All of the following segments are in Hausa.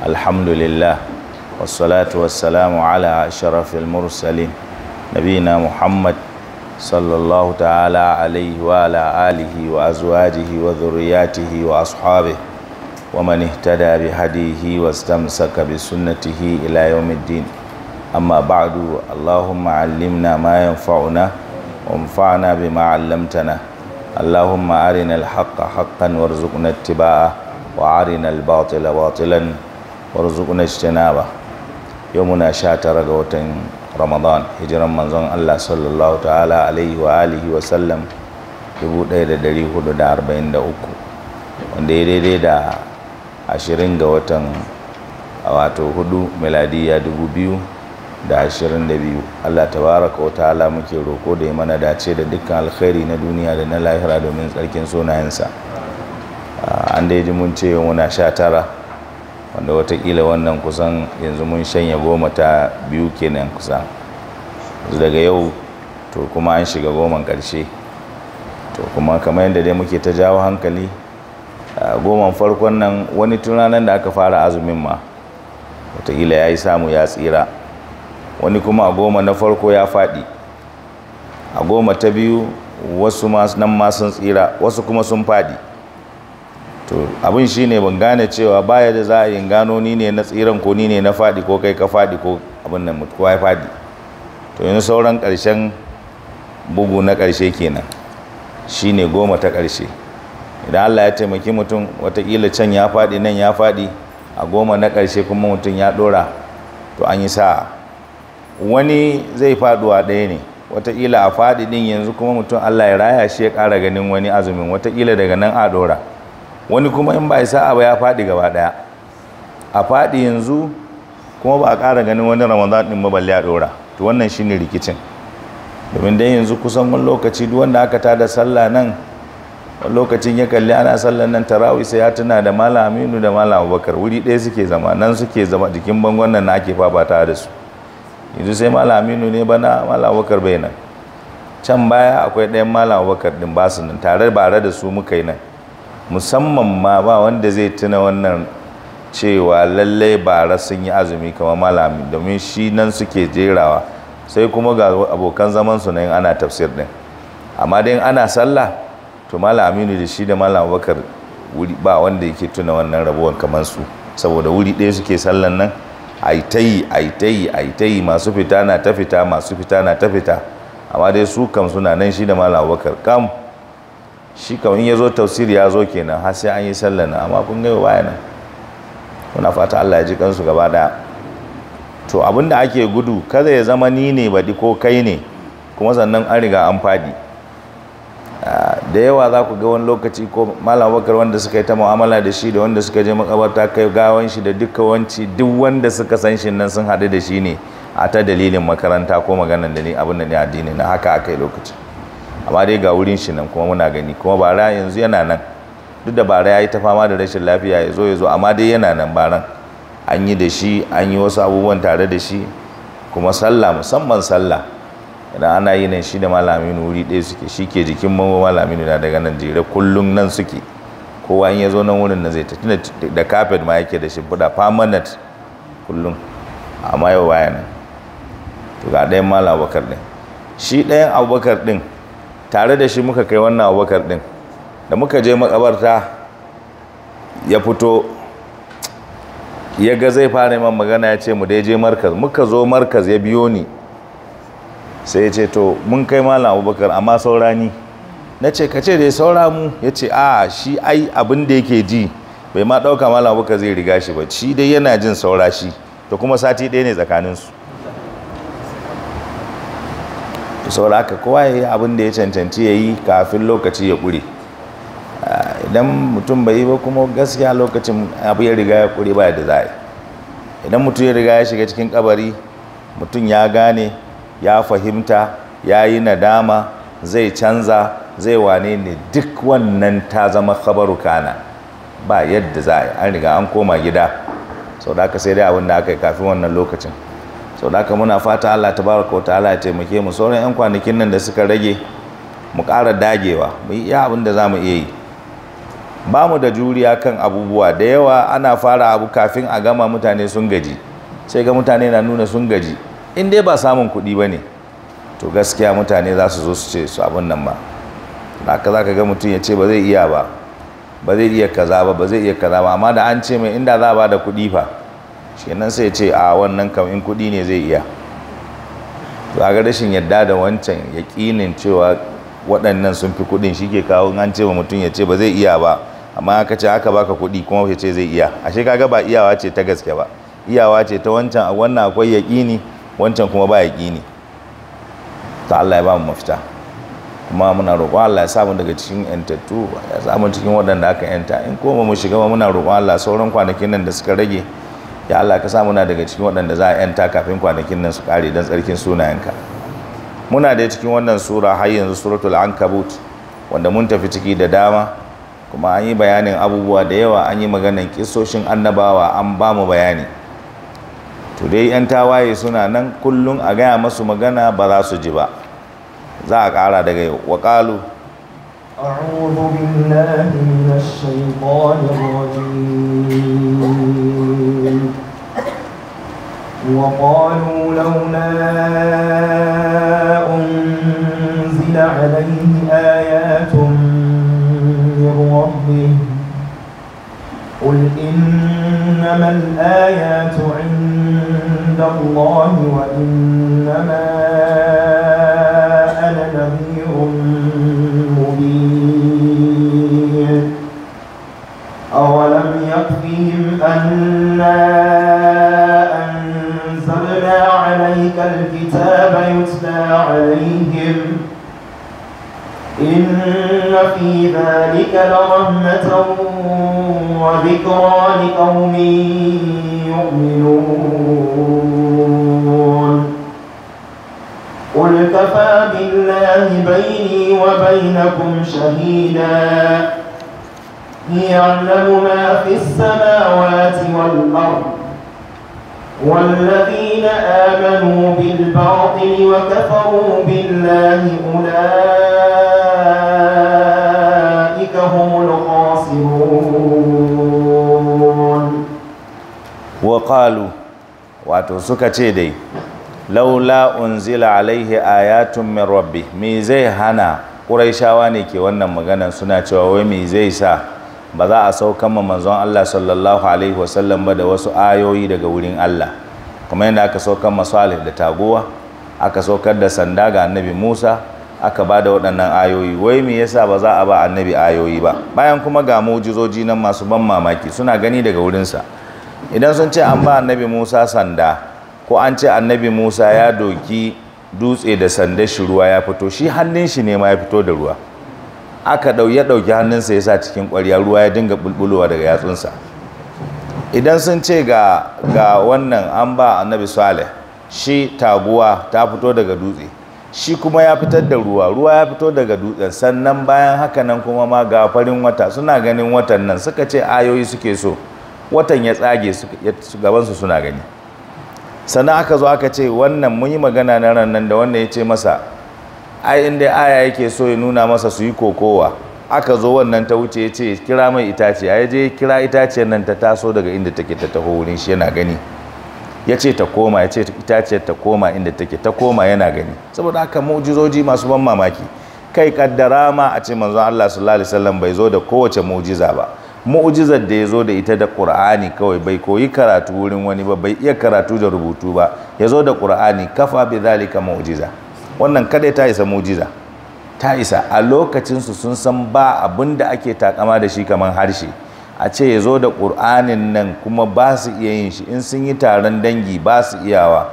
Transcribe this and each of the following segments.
alhamdulillah wassalatu wassalamu ala sharafil mursalin nabina muhammad sallallahu ta'ala alaihi wa ala alihi wa azwajihi wa zuriyatihi wa ashabi wa man ihtada bi hadihi wa stamsaka bi sunnatihi ila yawmiddin amma ba'du allahumma allimna ma yanfa'una wa anfa'na bima 'allamtana اللهم أرنا الحق حقا وارزقنا اتباعه وأرنا الباطل باطلا warzuqna ijtinaba yau muna sha tara ga watan ramadan hijiran manzon Allah sallallahu ta'ala alaihi wa alihi wa sallam 1443 wanda ya daidai da 20 ga watan wato hudu miladiya 2022 Allah tabaraka wa ta'ala muke roko da ya mana dace da dukkan alkhairi na duniya da na lahira domin tsarkin sunayensa ah, an da ji mun ce muna sha tara wanda watakila wannan kusan yanzu mun shanya goma ta biyu kenan kusan daga yau to kuma an shiga goman karshe to kuma kamar yadda dai muke ta jawo hankali goman farkon nan wani tunanin da aka fara azumin ma watakila ya yi samu ya tsira wani kuma a goma na farko ya faɗi a goma ta biyu wasu nan ma sun tsira wasu kuma sun faɗi to abin shine ban gane cewa baya da za a yi gano ni ne na tsiran ko ni ne na faɗi ko kai ka faɗi ko abin nan mutu kowa ya faɗi to yanzu sauran ƙarshen bugu na ƙarshe kenan shine goma ta ƙarshe idan Allah ya taimaki mutum watakila can ya faɗi nan ya faɗi a goma na ƙarshe kuma mutum ya ɗora to an yi sa'a wani zai faɗuwa ɗaya ne watakila a faɗi ɗin yanzu kuma mutum Allah ya raya shi ya kara ganin wani azumin watakila daga nan a ɗora wani kuma in ba ya sa'a ba ya faɗi gaba ɗaya a faɗi yanzu kuma ba a ƙara ganin wani ramadan ɗin maballi a ɗora to wannan shine rikicin domin dai yanzu kusan wani lokaci duk wanda aka tada sallah nan wani lokacin ya kalli ana sallah nan tarawih sai ya tuna da malam aminu da malam abubakar wuri ɗaya suke zama nan suke zama jikin bangon nan na ake fafata da su yanzu sai malam aminu ne bana malam abubakar bai nan can baya akwai ɗayan malam abubakar ɗin basu nan tare bare da su muka yi nan musamman ma ba wanda zai tuna wannan cewa lallai bara sun yi azumi kama malami domin shi nan suke jerawa sai kuma ga abokan zaman su yin ana tafsir ɗin. amma dai ana sallah to malami ne da shi da malam bakar ba wanda yake tuna wannan rabuwan kamar su saboda wuri ɗaya suke sallan nan aitayi aitayi aitayi masu fita na ta fita masu fita na ta fita amma dai su kam suna nan shi da malam bakar kam shi kawai ya zo tafsiri ya zo kenan har sai an yi sallar nan amma kun gaiwa baya nan Kuna fata Allah ya ji kansu gaba da to abin da ake gudu kada ya zama ni ne baɗi ko kai ne kuma sannan an riga an fadi ah, da yawa za ku ga wani lokaci ko malam bakar wanda suka yi ta mu'amala da shi da wanda suka je makabarta kai gawan shi da duka wanci duk wanda suka san shi nan sun haɗu da shi ne a ta dalilin makaranta ko maganar da ni abin da ni addini na haka aka yi lokaci amma dai ga wurin shi nan kuma muna gani kuma bara yanzu yana nan duk da bara ya yi ta fama da rashin lafiya ya zo ya zo amma dai yana nan baran an yi da shi an yi wasu abubuwan tare da shi kuma sallah musamman sallah idan ana yi nan shi da malaminu wuri ɗaya suke shi ke jikin mawa malaminu na daga nan jere kullum nan suke kowa in ya zo nan wurin nan zai ta da kafet ma yake da shi buɗa permanent kullum amma yau baya nan to ga ɗayan malam abubakar ɗin shi ɗayan abubakar ɗin tare da shi muka kai wannan abubakar din da muka je makabarta ya fito ya ga zai fara man magana ya ce mu dai je markaz muka zo markaz ya biyo ni sai ya ce to mun kai malam abubakar amma saurani na ce ka ce dai saura mu ya ce a shi ai abin da yake ji bai ma ɗauka malam abubakar zai riga shi ba shi dai yana jin saura shi to kuma sati ɗaya ne tsakaninsu saboda haka kowa ya yi abin da ya cancanci ya yi kafin lokaci ya kure idan mutum bai yi ba kuma gaskiya lokacin abu ya riga ya kure ba da za idan mutum ya riga ya shiga cikin kabari mutum ya gane ya fahimta ya yi nadama zai canza zai wane ne duk wannan ta zama khabaru kana ba yadda za an riga an koma gida sau da aka sai dai abin da aka yi kafin wannan lokacin sau da muna fata Allah ta wata ala ya taimake mu sauran yan kwanakin nan da suka rage mu ƙara dagewa mu yi abin da za mu iya yi ba mu da juriya kan abubuwa da yawa ana fara abu kafin a gama mutane sun gaji sai ga mutane na nuna sun gaji in dai ba samun kuɗi ba ne to gaskiya mutane za su zo su ce su abin nan ba da haka za ka ga mutum ya ce ba zai iya ba ba zai iya kaza ba ba zai iya kaza ba amma da an ce mai inda za a ba da kuɗi fa kenan sai ce a wannan kam in kuɗi ne zai iya za ga rashin yadda da wancan kinin cewa waɗannan sun fi kuɗin shi ke kawo an ce wa mutum ya ce ba zai iya ba amma aka ce aka baka kuɗi kuma ya ce zai iya ashe kaga ba iyawa ce ta gaske ba iyawa ce ta wancan a wannan akwai yaƙini wancan kuma ba yaƙini ta Allah ya ba mu mafita kuma muna roƙon Allah ya samu daga cikin yantattu ya samu cikin waɗanda aka yanta in koma mu shiga muna roƙon Allah sauran kwanakin nan da suka rage ya Allah ka sa muna daga cikin waɗanda za a yanta kafin kwanakin nan su kare don tsarkin sunayenka muna da cikin wannan sura har yanzu suratul ankabut wanda mun tafi ciki da dama kuma an yi bayanin abubuwa da yawa an yi maganan kisoshin annabawa an ba mu bayani to dai yan tawaye suna nan kullum a gaya masu magana ba za su ji ba za a ƙara daga yau wa ƙalu أعوذ بالله من الشيطان الرجيم وقالوا لولا أنزل عليه آيات من ربه قل إنما الآيات عند الله وإنما أنا نذير مبين أولم يكفهم أنا نزلنا عليك الكتاب يتلى عليهم إن في ذلك لرحمة وذكرى لقوم يؤمنون قل كفى بالله بيني وبينكم شهيدا يعلم ما في السماوات والأرض والذين آمنوا بالباطل وكفروا بالله أولئك هم الخاسرون وقالوا واتوسكتي دي laula unzila alaihi ayatun min me zai hana ƙuraishawa ne ke wannan maganan suna cewa wai me zai sa ba za a saukan ma manzon Allah sallallahu alaihi wasallam ba da wasu ayoyi daga wurin Allah kuma yadda aka saukan ma Salih da taguwa aka saukar da sanda ga annabi Musa aka ba da waɗannan ayoyi wai me yasa ba za a ba annabi ayoyi ba bayan kuma ga mujizoji nan masu ban mamaki suna gani daga wurinsa idan sun ce an ba annabi Musa sanda ko an ce annabi Musa ya doki dutse da sanda shi ruwa ya fito shi hannun shi ne ma ya fito da ruwa aka ɗau ya ɗauki hannunsa ya sa cikin ƙwarya ruwa ya dinga bulbulowa daga yatsunsa idan sun ce ga wannan an ba annabi salih shi taguwa ta fito daga dutse shi kuma ya fitar da ruwa ruwa ya fito daga dutse, sannan bayan haka nan kuma ma ga farin wata suna ganin watan nan suka ce ayoyi suke so watan ya tsage gabansu suna gani sannan aka zo aka ce wannan mun yi magana na ran da wannan ya ce masa ai inda aya yake so ya nuna masa su yi kokowa aka zo wannan ta wuce ya ce kira mai itace ya je kira itaciyar nan ta taso daga inda take ta taho wurin shi yana gani ya ce ta koma ya ce itaciyar ta koma inda take ta koma yana gani saboda haka mu'jizoji masu ban mamaki kai kaddara ma a ce manzon Allah sallallahu alaihi wasallam bai zo da kowace mu'jiza ba mu'jizar da ya zo da ita da ƙur'ani kawai bai koyi karatu wurin wani ba bai iya karatu da rubutu ba ya zo da ƙur'ani kafa bi zalika mu'jiza wannan kada ta isa mujiza ta isa a lokacinsu sun san ba abin da ake takama da shi kamar harshe a ce ya zo da ƙur'anin nan kuma ba su iya yin shi in sun yi taron dangi ba su iyawa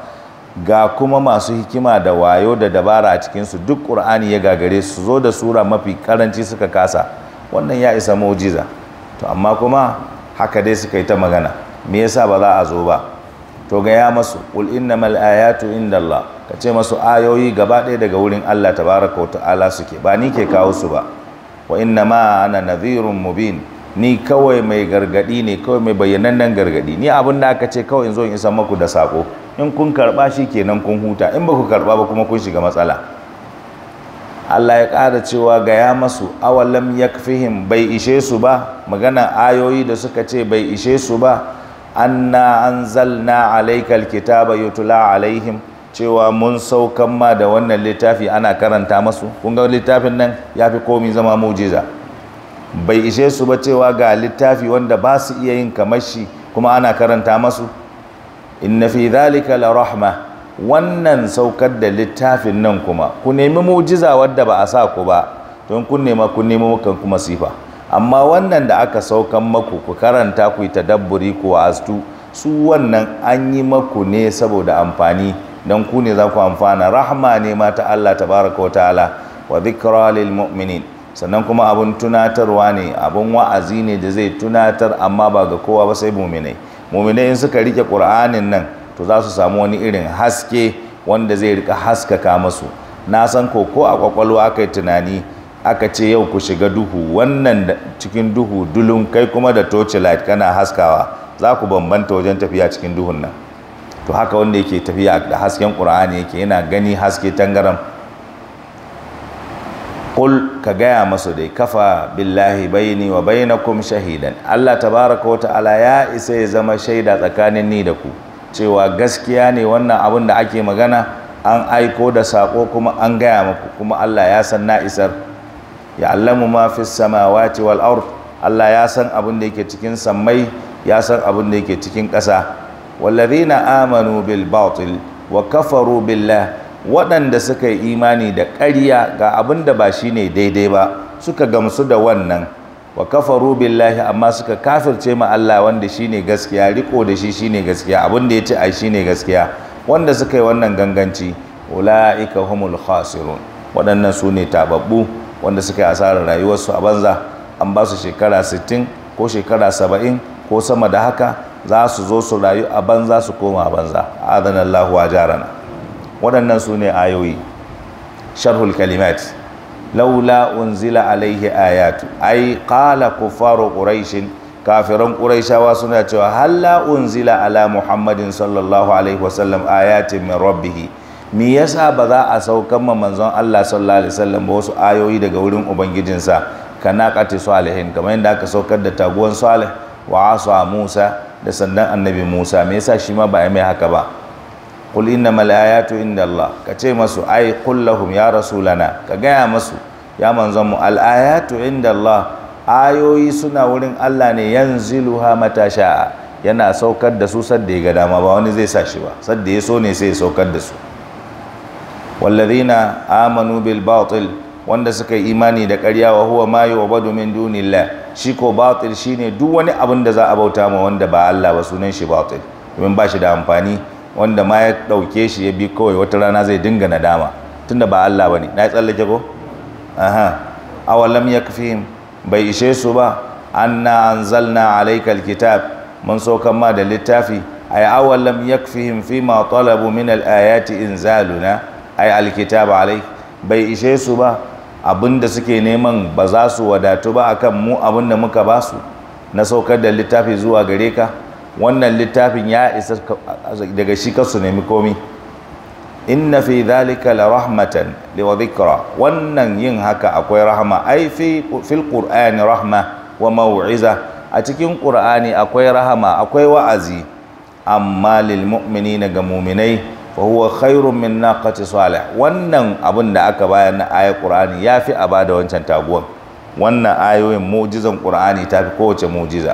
ga kuma masu hikima da wayo da dabara a cikinsu duk ƙur'ani ya gagare su zo da sura mafi karanci suka kasa wannan ya isa mujiza to amma kuma haka dai suka yi ta magana me yasa ba za a zo ba to ga ya masu na mal'ayatu inda Allah. ka ce masu ayoyi gaba ɗaya daga wurin Allah tabaraka wa ta'ala suke ba ni ke kawo su ba wa inna ma ana nadhirun mubin ni kawai mai gargadi ne kawai mai bayyanannen gargadi ni abin da aka ce kawai in zo in isa maku da sako in kun karba shi kenan kun huta in ba ku karba ba kuma kun shiga matsala Allah ya ƙara cewa gaya masu awalam yakfihim bai ishe su ba magana ayoyi da suka ce bai ishe su ba anna anzalna alaikal kitaba yutula alaihim cewa mun saukan ma da wannan littafi ana karanta masu kun ga littafin nan ya fi komi zama mujiza bai ishe su ba cewa ga littafi wanda ba su iya yin kamashi kuma ana karanta masu inna fi zalika la rahma wannan saukar da littafin nan kuma ku nemi mujiza wadda ba a sa ku ba don kun nema kun nemi mukan kuma sifa amma wannan da aka saukan maku ku karanta ku yi tadabburi ku astu su wannan an yi maku ne saboda amfani don ku ne za ku amfana rahma ne ma ta Allah tabaraka wa ta'ala wa zikra lil mu'minin sannan kuma abun tunatarwa ne abun wa'azi ne da zai tunatar amma ba ga kowa ba sai mu'minai mu'minai in suka rike qur'anin nan to za su samu wani irin haske wanda zai rika haskaka masu na san ko ko a kwakwalwa aka yi tunani aka ce yau ku shiga duhu wannan cikin duhu dulun kai kuma da torchlight kana haskawa za ku bambanta wajen tafiya cikin duhun nan to haka wanda yake tafiya da hasken ƙur'ani yake yana gani haske tangaran kul ka gaya masu dai kafa billahi bayani wa kuma shahidan Allah tabaraka wa ta'ala ya isa ya zama shaida tsakanin ni da ku cewa gaskiya ne wannan abin da ake magana an aiko da sako kuma an gaya maku kuma Allah ya san na isar ya allamu ma sama wal ard Allah ya san abin da yake cikin sammai ya san abin da yake cikin ƙasa na amanu bil batil wa kafaru billah waɗanda suka yi imani da ƙarya ga abin da ba shi ne daidai ba suka gamsu da wannan wa kafaru billahi amma suka kafirce ma Allah wanda shi ne gaskiya riko da shi shi ne gaskiya abin da ya ci ai shi ne gaskiya wanda suka yi wannan ganganci ula'ika humul khasirun waɗannan su ne tababbu wanda suka yi asarar rayuwarsu a banza an ba su shekara 60 ko shekara 70 ko sama da haka za su zo su rayu a banza su koma a banza adana Allah wa jarana waɗannan su ne ayoyi sharhul kalimat laula unzila alaihi ayatu ai qala kufaru quraishin kafiran quraishawa suna cewa halla unzila ala muhammadin sallallahu alaihi wasallam ayatin min rabbih me yasa ba za a saukan ma manzon Allah sallallahu alaihi wasallam ba wasu ayoyi daga wurin ubangijinsa kana qati salihin kamar yadda aka saukar da taguwan salih wa asa Musa da sandan annabi Musa me yasa shi ma ba ya mai haka ba qul innamal ayatu Allah ka ce masu ai qul lahum ya rasulana ka gaya masu ya manzon mu al ayatu Allah ayoyi suna wurin Allah ne yanziluha mata sha'a yana saukar da su sadda ya ga dama ba wani zai sa shi ba sadda ya so ne sai ya saukar da su Amanu bil batil wanda suka yi imani da ƙarya wa huwa ma yu'badu min dunillah shi ko batil ne duk wani abin da za a bauta ma wanda ba Allah ba sunan shi batil domin ba shi da amfani wanda ma ya ɗauke shi ya bi kawai wata rana zai dinga nadama tunda ba Allah ba ne. na yi tsallake ko aha awalam yin bai ishe su ba an anzalna alaykal kitab mun saukan ma da littafi ay awalam yakfihim ma talabu min al-ayati inzaluna ay al-kitab alayk bai ishe su ba da suke neman ba za su wadatu ba akan mu abinda muka ba su na saukar da littafi zuwa gare ka wannan littafin ya isa daga shi ka su nemi komi inna fi dhalika la rahmatan li wa dhikra wannan yin haka akwai rahma ai fi fil qur'ani rahma wa mau'iza a cikin qur'ani akwai rahama akwai wa'azi amma lil mu'minina ga mu'minai fa huwa khairun min naqati salih wannan abin da aka bayar na ayar qur'ani yafi a bada wancan taguwan wannan ayoyin mu'jizan qur'ani fi kowace mu'jiza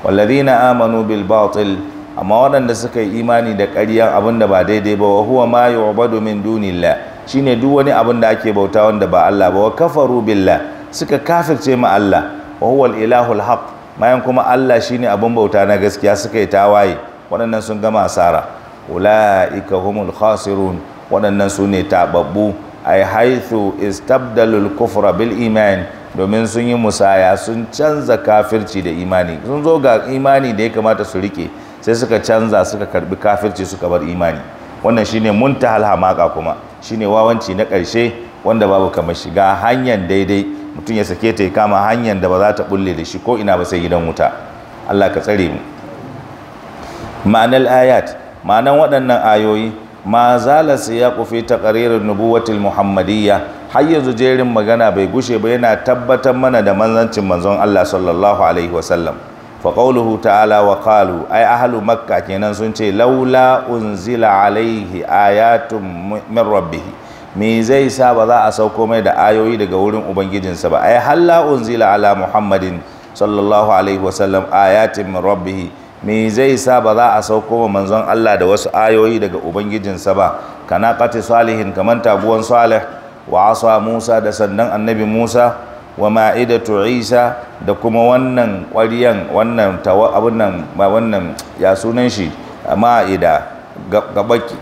walladhina amanu bil batil amma waɗanda suka yi imani da ƙarya abin da ba daidai ba wa huwa ma yu'badu min dunillah shine duk wani abin da ake bauta wanda ba Allah ba wa kafaru billah suka kafirce ma Allah wa huwa al-ilahul haqq bayan kuma Allah shine abin bauta na gaskiya suka yi tawaye waɗannan sun gama asara ula'ika humul khasirun waɗannan su ne tababbu ai haithu istabdalul kufra bil iman domin sun yi musaya sun canza kafirci da imani sun zo ga imani da ya kamata su rike sai suka canza suka karbi kafirci suka bar imani wannan shine munta halhamaka kuma shine wawanci na ƙarshe wanda babu kamar shiga hanyar daidai mutum ya sake ta ya kama hanyar da ba za ta bulle da shi ko ina ba sai gidan wuta Allah ka tsare mu ma'anar ayat ma'anan waɗannan ayoyi ma zala siyaqu ta ƙaririn nubuwatil muhammadiyya har yanzu jerin magana bai gushe ba yana tabbatar mana da manzancin manzon Allah sallallahu alaihi wasallam fa qawluhu ta'ala wa qalu ai ahlu makka kenan sun ce laula unzila alaihi ayatun min rabbih me zai sa ba za a sauko mai da ayoyi daga wurin ubangijinsa ba ai halla unzila ala muhammadin sallallahu alaihi wasallam ayatun min rabbih me zai sa ba za a sauko wa manzon Allah da wasu ayoyi daga ubangijinsa ba kana qati salihin kaman taguwan salih wa asa Musa da sandan annabi Musa wa ma'idatu Isa da kuma wannan ƙwariyan wannan tawa abun nan ba wannan ya sunan shi ma'ida gabaki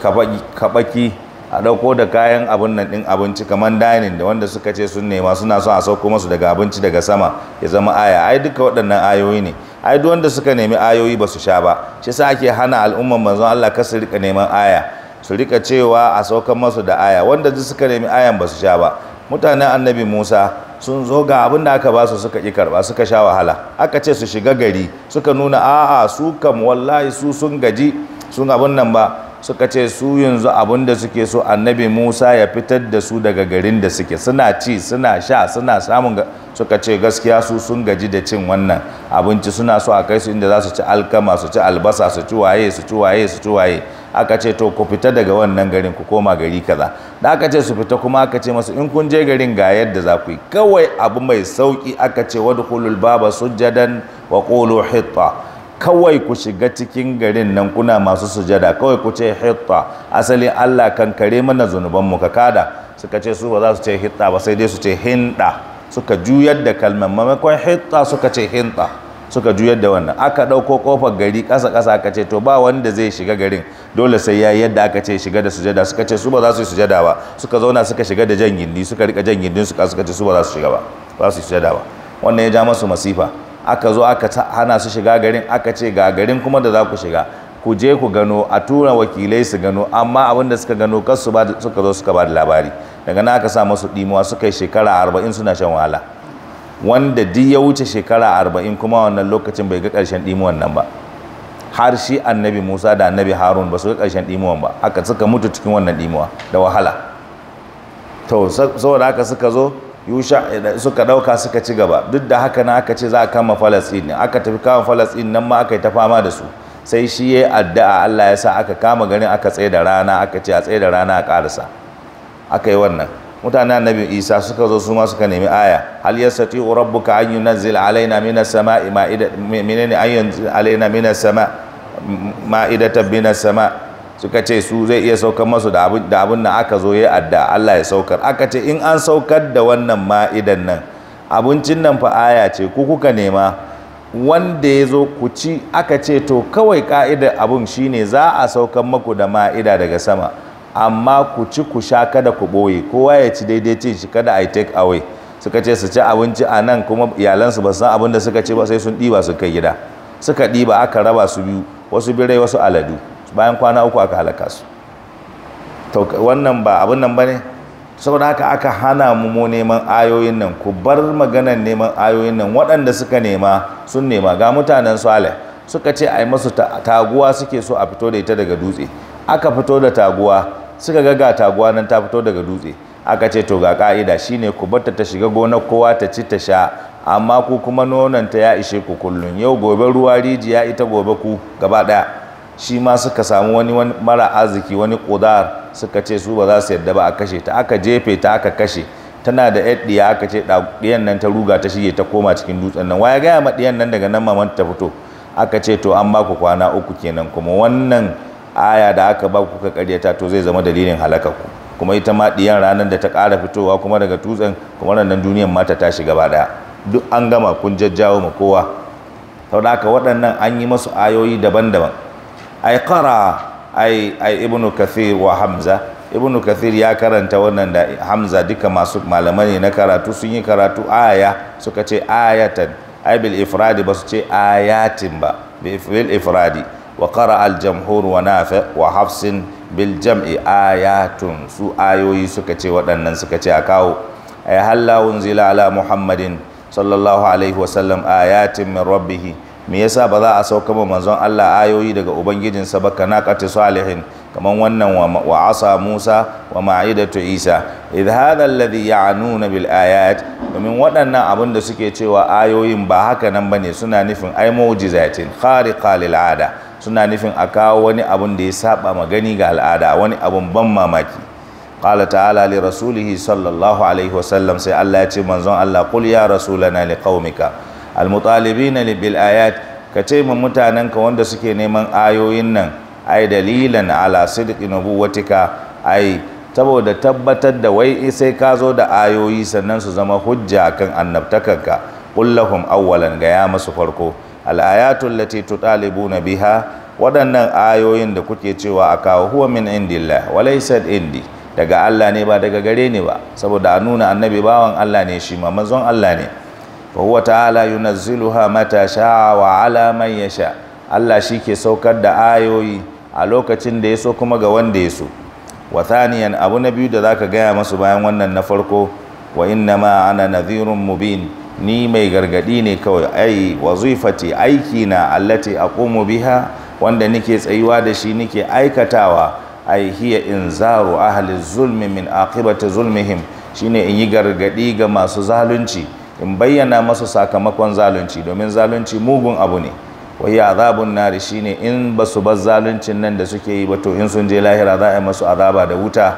kabaki a dauko da kayan abun nan din abinci kaman dining da wanda suka ce sun nema suna son a sauko musu daga abinci daga sama ya zama aya ai duka waɗannan ayoyi ne ai duk wanda suka nemi ayoyi ba su sha ba shi yasa ake hana al'umman manzon Allah ka su rika neman aya su rika cewa a saukan masu da aya wanda duk suka nemi ayan ba su sha ba mutanen annabi Musa sun zo ga abin da aka ba su suka ki karba suka sha wahala aka ce su shiga gari suka nuna a'a su kam wallahi su sun gaji sun abin nan ba suka ce su yanzu abin da suke so annabi Musa ya fitar da su daga garin da suke suna ci suna sha suna samun suka ce gaskiya su sun gaji da cin wannan abinci suna so a kai su inda za su ci alkama su ci albasa su ci waye su ci waye su ci waye aka ce to ku fita daga wannan garin ku koma gari kaza da aka ce su fita kuma aka ce masu in kun je garin ga yadda za ku yi kawai abu mai sauki aka ce wadkhulul baba sujjadan wa qulu hitta kawai ku shiga cikin garin nan kuna masu sujada kawai ku ce hitta asalin Allah kan kare mana zunubanmu ka kada suka ce su ba za su ce hitta ba sai dai su ce hinda suka juyar da kalmar mamakon hitta suka ce hinda suka juyar da wannan aka ɗauko kofar gari ƙasa ƙasa aka ce to ba wanda zai shiga garin dole sai ya yadda aka ce shiga da sujada suka ce su ba za su yi sujada ba suka zauna suka shiga da jan gindi suka rika jan gindin suka suka ce su ba za su shiga ba ba su yi sujada ba wannan ya ja masu masifa aka zo aka hana su shiga garin aka ce ga garin kuma da za ku shiga ku je ku gano a tura wakilai su gano amma abin da suka gano kar su suka zo suka ba da labari daga na aka sa masu dimuwa suka yi shekara arba'in suna shan wahala wanda duk ya wuce shekara arba'in kuma wannan lokacin bai ga ƙarshen dimuwan nan ba har shi annabi musa da annabi harun ba su ga ƙarshen dimuwan ba aka suka mutu cikin wannan dimuwa da wahala to saboda haka suka zo yusha eh, suka ɗauka suka ci gaba duk da haka na aka ce za a kama falastin aka tafi kama falastin nan ma aka yi ta fama da su sai shi ya addu'a Allah ya sa aka kama ganin aka tsaye da rana aka ce a tsaye da rana a karasa aka yi wannan mutane annabi isa suka zo su ma suka nemi aya hal yastati rabbuka an yunzil alaina minas sama'i ma'idatan menene an alaina minas sama' ma'idatan minas sama' suka ce su zai iya saukar masu da abin da aka zo ya adda Allah ya saukar aka ce in an saukar da wannan ma'idan nan abincin nan fa aya ce ku kuka nema wanda ya zo ku ci aka ce to kawai ka'idar abin shine za a saukar maku da ma'ida daga sama amma ku ci ku sha kada ku ɓoye kowa ya ci daidai cin shi kada a yi take away suka ce su ci abinci a nan kuma iyalansu ba san abin da suka ce ba sai sun ɗiba su kai gida suka ɗiba aka raba su biyu wasu birai wasu aladu bayan kwana uku aka halaka su to wannan ba abin nan bane saboda haka aka hana mu mu neman ayoyin nan ku bar maganar neman ayoyin nan waɗanda suka nema sun nema ga mutanen Saleh suka ce ai masu taguwa suke so a fito da ita daga dutse aka fito da taguwa suka ga ga taguwa nan ta fito daga dutse aka ce to ga ka'ida shine ku barta ta shiga gona kowa ta ci ta sha amma ku kuma nonanta ya ishe ku kullun yau gobe ruwa rijiya ita gobe ku gaba daya shi ma suka samu wani mara arziki wani kudar suka ce su ba za su yadda ba a kashe ta aka jefe ta aka kashe tana da yar ɗiya aka ce ɗiyan nan ta ruga ta shige ta koma cikin dutsen nan waya gaya ma ɗiyan nan daga nan maman ta fito aka ce to an baku kwana uku kenan kuma wannan aya da aka ba kuka karyata to zai zama dalilin halakar ku kuma ita ma ɗiyan ranar da ta kara fitowa kuma daga tutsen kuma ranar duniyan mata ta shiga ba ɗaya duk an gama kun jajjawo ma kowa saboda haka waɗannan an yi masu ayoyi daban-daban ai qara ai ai ibnu kathir wa hamza ibnu kathir ya karanta wannan da hamza duka masu malamai na karatu sun yi karatu aya suka ce ayatan ai bil ifradi ba su ce ayatin ba bil ifradi wa qara al jamhur wa nafi wa hafsin bil jam'i ayatun su ayoyi suka ce waɗannan suka ce a kawo ai halla unzila ala muhammadin sallallahu alaihi wa sallam ayatin min rabbih me yasa ba za a sauka ba manzon Allah ayoyi daga ubangijinsa ba kana qati salihin kaman wannan wa asa Musa wa ma'idatu Isa idh hadha alladhi ya'nuna bil ayat domin waɗannan abun da suke cewa ayoyin ba haka nan bane suna nufin ai mu'jizatin khariqa lil ada suna nufin a kawo wani abun da ya saba magani ga al'ada wani abun ban mamaki qala ta'ala li rasulihi sallallahu alaihi wasallam sai Allah ya ce manzon Allah qul ya rasulana liqaumika almutalibina bil ayat ka ce ma ka wanda suke neman ayoyin nan ai dalilan ala sidqi nubuwatika ai saboda tabbatar da wai sai ka zo da ayoyi sannan su zama hujja kan annabtakanka kullahum awwalan ga ya masu farko al-ayatul lati tutalibuna biha waɗannan ayoyin da kuke cewa a kawo huwa min indillah walaysa indi daga Allah ne ba daga gare ni ba saboda a nuna annabi bawan Allah ne shi ma manzon Allah ne fa huwa ta'ala yunazziluha mata sha'a wa ala man yasha Allah shike saukar da ayoyi a lokacin da yaso kuma ga wanda yaso wa thaniyan abu na biyu da zaka gaya masu bayan wannan na farko wa inna ma ana nadhirun mubin ni mai gargadi ne kawai ai wazifati aiki na allati aqumu biha wanda nike tsayuwa da shi nike aikatawa ai hiya inzaru ahli zulmi min aqibati zulmihim shine in yi gargadi ga masu zalunci in bayyana masu sakamakon zalunci domin zalunci mugun abu ne wai azabun nari shine in ba su bar zaluncin nan da suke yi ba to in sun je lahira za a yi masu azaba da wuta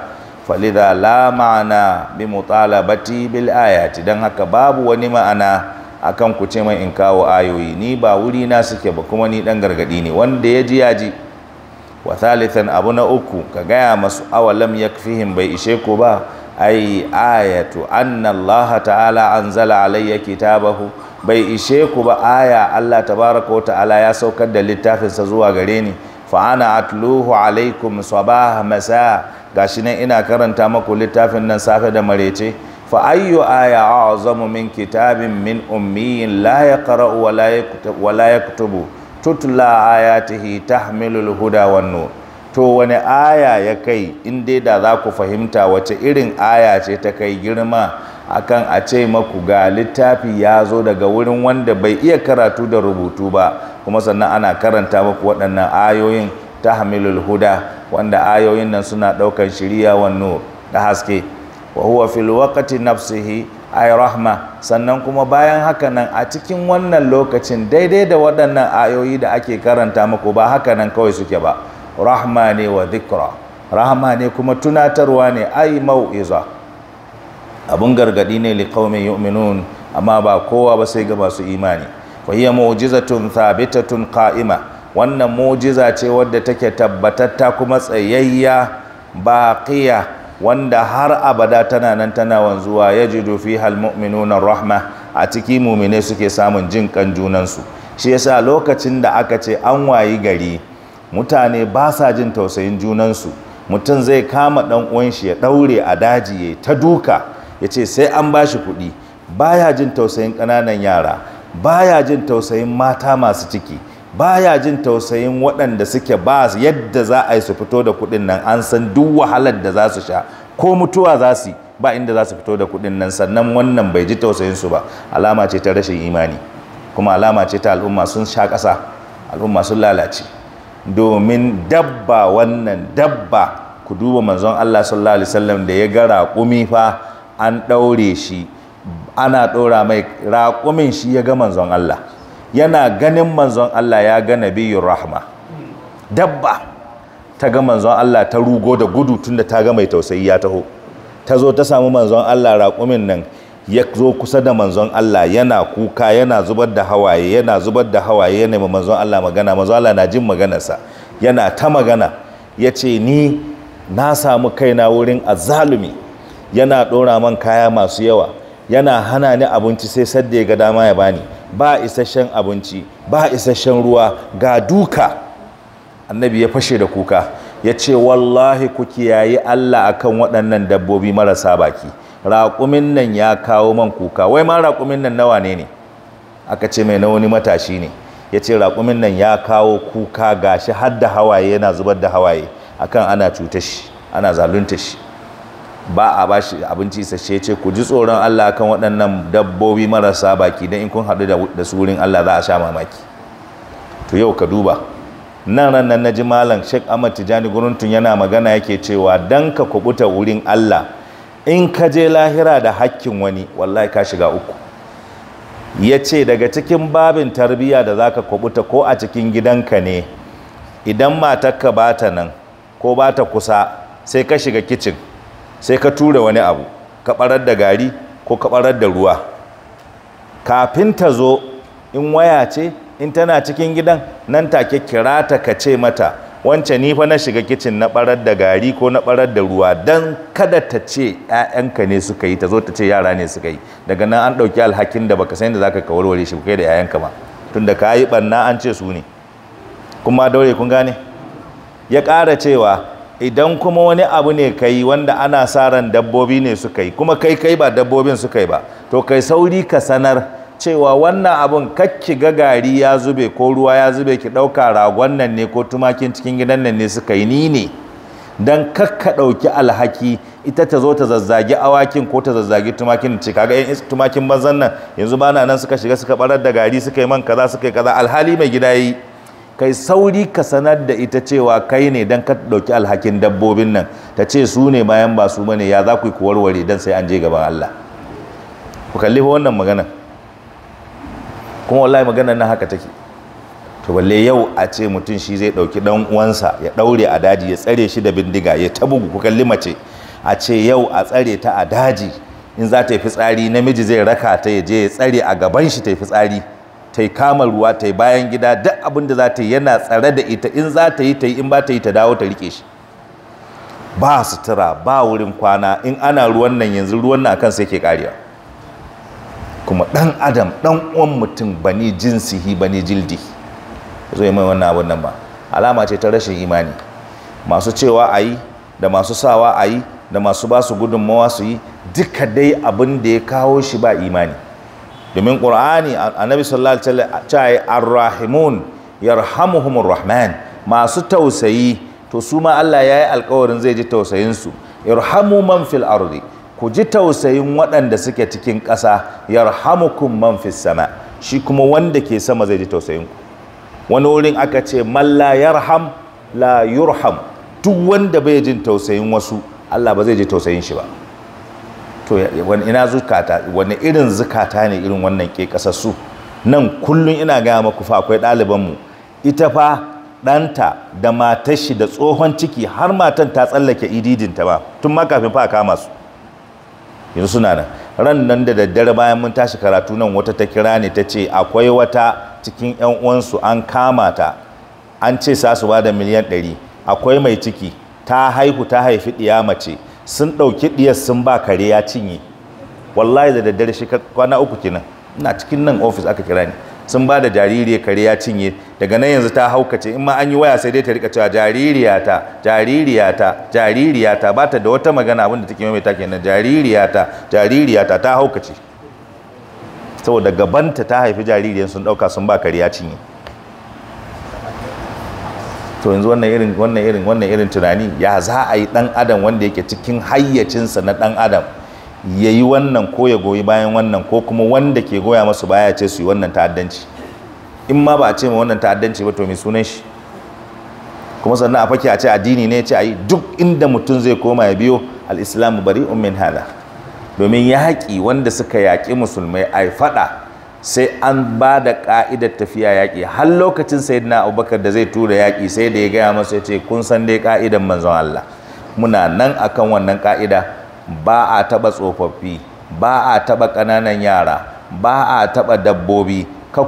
da la ma'ana bi mutalabati bil ayati dan haka babu wani ma'ana akan ku ce mai in kawo ayoyi ni ba wuri na suke ba kuma ni dan gargadi ne wanda ya ji ya ji wa thalithan abu na uku ka gaya masu awalam yakfihim bai ishe ku ba Ay ayatu anna allaha ta'ala anzala alayya kitabahu bai ishe ku ba aya Allah tabaraka wa ta'ala ya saukar da littafinsa zuwa gare ni fa ana atluhu alaikum sabah masa gashi nan ina karanta maku littafin nan safe da marece fa ayyu aya a'zamu min kitabin min ummiyin la yaqra'u wa la yaktubu tutla ayatihi tahmilul huda wan nur to wani aya ya kai in dai da za ku fahimta wace irin aya ce ta kai girma akan a ce maku ga littafi ya zo daga wurin wanda bai iya karatu da rubutu ba kuma sannan ana karanta maku waɗannan ayoyin ta hamilul huda wanda ayoyin nan suna ɗaukar shirya wannan da haske wa huwa fil waqti nafsihi ay rahma sannan kuma bayan haka nan a cikin wannan lokacin daidai da waɗannan ayoyi da ake karanta maku ba haka nan kawai suke ba rahma ne wa dhikra rahma ne kuma tunatarwa ne ai mau'iza abun gargadi ne liqaumin yu'minun amma ba kowa ba sai ga masu imani wa hiya mu'jizatun thabitatun qa'ima wannan mu'jiza ce wadda take tabbatatta kuma tsayayya baqiya wanda har abada tana nan tana wanzuwa yajidu fiha almu'minuna rahma a ciki mumine suke samun jin kan junansu shi yasa lokacin da aka ce an wayi gari mutane ba sa jin tausayin junansu mutum zai kama ɗan uwanshi ya ɗaure a daji ya ta duka ya ce sai an ba shi kuɗi baya jin tausayin ƙananan yara baya jin tausayin mata masu ciki baya jin tausayin waɗanda suke ba yadda za a yi su fito da kuɗin nan an san duk wahalar da za su sha ko mutuwa za su ba inda za su fito da kuɗin nan sannan wannan bai ji tausayin su ba alama ce ta rashin imani kuma alama ce ta al'umma sun sha ƙasa al'umma sun lalace domin dabba wannan dabba ku duba manzon Allah sallallahu alaihi wasallam da ya ga raƙumi fa an ɗaure shi ana ɗora mai raƙumin shi ya ga manzon Allah yana ganin manzon Allah ya ga nabiyyur rahma dabba ta ga manzon Allah ta rugo da gudu tunda ta ga mai tausayi ya taho ta zo ta samu manzon Allah raƙumin nan ya zo kusa da manzon Allah yana kuka yana zubar da hawaye yana zubar da hawaye yana ma manzon Allah magana manzon Allah na jin maganarsa yana ta magana ya ce ni na samu kaina wurin azalumi yana ɗora man kaya masu yawa yana hana ni abinci sai sadda ya ga dama ya bani ba isasshen abinci ba isasshen ruwa ga duka annabi ya fashe da kuka ya ce wallahi ku kiyaye Allah akan waɗannan dabbobi marasa baki raƙumin nan ya kawo man kuka wai ma raƙumin nan nawa ne ne aka ce mai na wani matashi ne ya ce raƙumin nan ya kawo kuka gashi har da hawaye yana zubar da hawaye akan ana cuta shi ana zalunta shi ba a bashi abinci isasshe ce ku ji tsoron Allah kan waɗannan dabbobi marasa baki don in kun haɗu da su wurin Allah za a sha mamaki to yau ka duba nan ran nan naji malam Sheikh Ahmad Tijani Guruntun yana magana yake cewa dan ka kubuta wurin Allah in ka je lahira da hakkin wani wallahi ka shiga uku ya ce daga cikin babin tarbiyya da za ka kubuta ko a cikin gidanka ne idan matakka ba ta nan ko ba ta kusa sai ka shiga kicin sai ka tura wani abu ka barar da gari ko ka barar da ruwa kafin ta zo in waya ce in tana cikin gidan nan take kira ta ka ce mata wance ni fa na shiga kicin na barar da gari ko na barar da ruwa dan kada ta ce ƴaƴanka ne suka yi ta zo ta ce yara ne suka yi daga nan an ɗauki alhakin da baka san da zaka warware shi kai da ƴaƴanka ba tunda ka yi banna an ce su ne kuma daure kun gane ya ƙara cewa idan kuma wani abu ne ka yi wanda ana sa ran dabbobi ne suka yi kuma kai kai ba dabbobin suka yi ba to kai sauri ka sanar cewa wannan abun kakki ga gari ya zube ko ruwa ya zube ki ɗauka ragon nan ne ko tumakin cikin gidan nan ne suka yi ni ne don kakka ɗauki alhaki ita ta zo ta zazzagi awakin ko ta zazzagi tumakin ce kaga yan tumakin mazan nan yanzu bana nan suka shiga suka barar da gari suka yi man kaza suka yi kaza alhali mai gida yi kai sauri ka sanar da ita cewa kai ne don ka ɗauki alhakin dabbobin nan ta ce su ne bayan ba su bane ya za ku yi warware don sai an je gaban Allah ku kalli wannan magana kuma wallahi maganar nan haka take to balle yau a ce mutum shi zai dauki dan uwansa ya daure a daji ya tsare shi da bindiga ya ta bugu ku kalli mace a ce yau a tsare ta a daji in za ta yi fitsari namiji zai raka ta ya je ya tsare a gaban shi ta yi fitsari ta yi kama ruwa ta yi bayan gida duk abin da za ta yi yana tsare da ita in za ta yi ta yi in ba ta yi ta dawo ta rike shi ba sutura ba wurin kwana in ana ruwan nan yanzu ruwan nan kan sai ke karewa kuma ɗan adam ɗan uwan mutum bani jinsihi bani jildi zo yi mai wannan abun nan ba alama ce ta rashin imani masu cewa a yi da masu sawa a yi da masu ba su gudunmawa su yi duka dai abin da ya kawo shi ba imani domin ƙur'ani annabi sallallahu alaihi wasallam arrahimun yarhamuhumur rahman masu tausayi to su ma Allah ya yi alƙawarin zai ji tausayin su irhamu man fil ardi ku ji tausayin waɗanda suke cikin ƙasa yarhamukum man fis shi kuma wanda ke sama zai ji tausayin ku wani wurin aka ce malla yarham la yurham duk wanda bai jin tausayin wasu Allah ba zai ji tausayin shi ba to wani ina zukata wani irin zukata ne irin wannan ke kasassu nan kullum ina gaya maku fa akwai mu. ita fa ɗanta da matashi da tsohon ciki har matan ta tsallake ididinta ba tun ma kafin fa a kama su yanzu suna nan ran nan da daddare bayan mun tashi karatu nan wata ta kira ne ta ce akwai wata cikin yan uwansu an kama ta an ce sa su bada miliyan ɗari akwai mai ciki ta haihu ta haifi ɗiya mace sun ɗauki ɗiyar sun ba kare ya cinye wallahi da daddare shi kwana uku kenan ina cikin nan ofis aka kira ni sun ba da jaririya kare ya cinye daga nan yanzu ta haukace in ma an yi waya sai dai ta rika cewa jaririyata jaririyata jaririyata ba ta da wata magana abinda take mai ta kenan jaririyata jaririyata ta haukace saboda gabanta ta haifi jaririyan sun dauka sun ba kare ya cinye to yanzu wannan irin wannan irin wannan irin tunani ya za a yi dan adam wanda yake cikin hayyacinsa na dan adam ya yi wannan ko ya goyi bayan wannan ko kuma wanda ke goya masu baya ce su yi wannan ta'addanci in ma ba a ce ma wannan ta'addanci ba to mai sunan shi kuma sannan a faki a ce addini ne ce a yi duk inda mutum zai koma ya biyo al'islamu bari min hada domin ya haƙi wanda suka yaƙi musulmai a faɗa sai an ba da ƙa'idar tafiya yaƙi har lokacin na abubakar da zai tura yaƙi sai da ya gaya masa ya ce kun san dai ka'idar manzon allah muna nan akan wannan ka'ida. ba a taɓa tsofaffi ba a taɓa ƙananan yara ba a taɓa dabbobi ka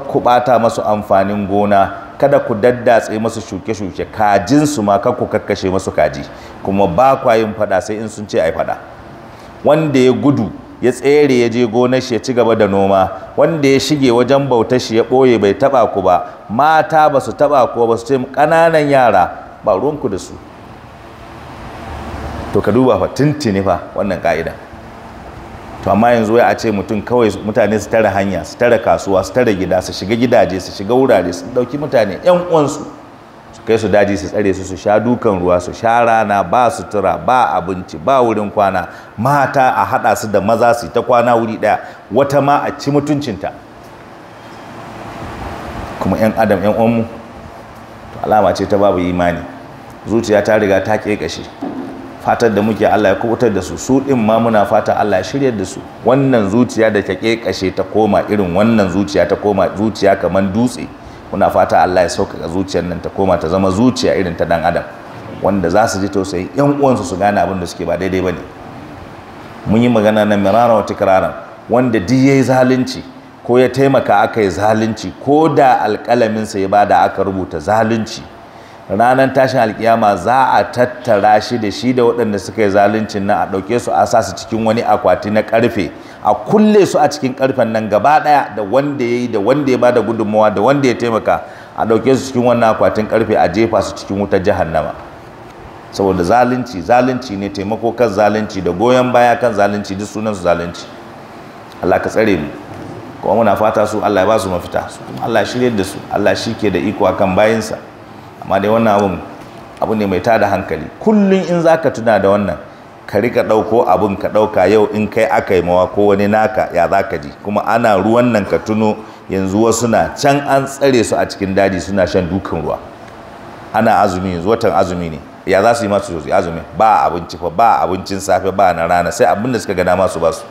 masu amfanin gona kada ku daddatse masu shuke-shuke kajinsu ma ka kakkashe masu kaji kuma ba kwa yin faɗa sai in sun ce ai faɗa wanda ya gudu ya tsere ya je gonar shi ya ci gaba da noma wanda ya shige wajen bauta shi ya ɓoye bai taba ku ba mata ba su taɓa ku ba su ce ƙananan yara ba ruwanku da su to ka duba fa tuntuni fa wannan ka'ida to amma yanzu ya a ce mutum kawai mutane su tara hanya su tara kasuwa su tara gida su shiga gidaje su shiga wurare su dauki mutane yan uwansu su kai su daji su tsare su su sha dukan ruwa su sha rana ba sutura ba abinci ba wurin kwana mata a hada su da maza su ta kwana wuri daya wata ma a ci mutuncinta kuma yan adam yan uwanmu to alama ce ta babu imani zuciya ta riga ta kekashe fatar da muke Allah ya kubutar da su su din ma muna fata Allah ya shiryar da su wannan zuciya da ta kekashe ta koma irin wannan zuciya ta koma zuciya kamar dutse muna fata Allah ya sauƙaƙa zuciyar nan ta koma ta zama zuciya irin ta dan adam wanda za su ji tausayin yan uwansu su gane abin da suke ba daidai bane mun yi magana na mirara wa tikraran wanda duk yayi zalunci ko ya taimaka aka yi zalunci ko da alƙalaminsa ya bada aka rubuta zalunci ranar tashin alkiyama za a tattara shi da shi da waɗanda suka yi zaluncin nan a ɗauke su a sa su cikin wani akwati na ƙarfe a kulle su a cikin ƙarfen nan gaba ɗaya da wanda ya yi da wanda ya ba da gudunmawa da wanda ya taimaka a ɗauke su cikin wannan akwatin ƙarfe a jefa su cikin wutar jahannama saboda zalunci zalunci ne taimako kan zalunci da goyon baya kan zalunci duk sunan su zalunci Allah ka tsare mu kuma muna fata su Allah ya ba su mafita su kuma Allah shirye da su Allah shi ke da iko akan bayinsa amma dai wannan abun abu ne mai tada hankali kullum in zaka tuna da wannan ka rika ɗauko abun ka ɗauka yau in kai aka yi mawa ko wani naka ya za ka ji kuma ana ruwan nan ka tuno yanzu wasu na can an tsare su a cikin daji suna shan dukan ruwa ana azumi yanzu watan azumi ne ya za su yi masu su azumi ba abinci fa ba abincin safe ba na rana sai abin da suka gana masu basu.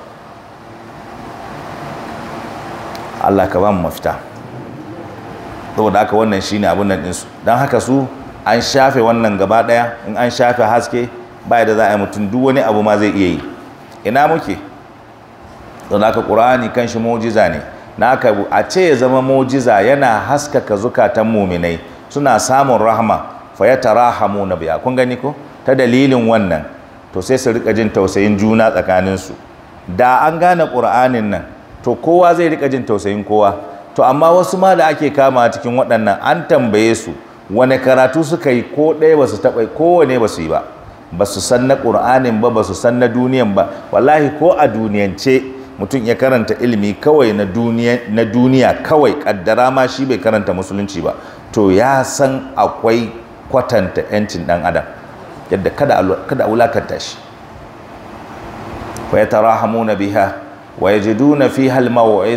Allah ka ba mafita saboda haka wannan shine abun nan ɗinsu don haka su an shafe wannan gaba ɗaya in an shafe haske ba da za a yi mutum duk wani abu ma zai iya yi ina muke don haka ƙur'ani kan shi mujiza ne na haka a ce ya zama mujiza yana haskaka zukatan muminai suna samun rahma fa ya tarahamu na biya kun gani ko ta dalilin wannan to sai su rika jin tausayin juna tsakaninsu da an gane ƙur'anin nan to kowa zai rika jin tausayin kowa to amma wasu ma da ake kama cikin waɗannan an tambaye su wane karatu suka yi ko ɗaya ba su taɓa kowane ba su yi ba ba su san na ƙur'anin ba ba su san na duniyan ba wallahi ko a duniyance mutum ya karanta ilimi kawai na duniya kawai ƙaddara ma shi bai karanta musulunci ba to ya san akwai kwatanta yancin ɗan adam yadda kada a wulakanta shi wa yatarhamuna biha wa yajiduna fi halmawa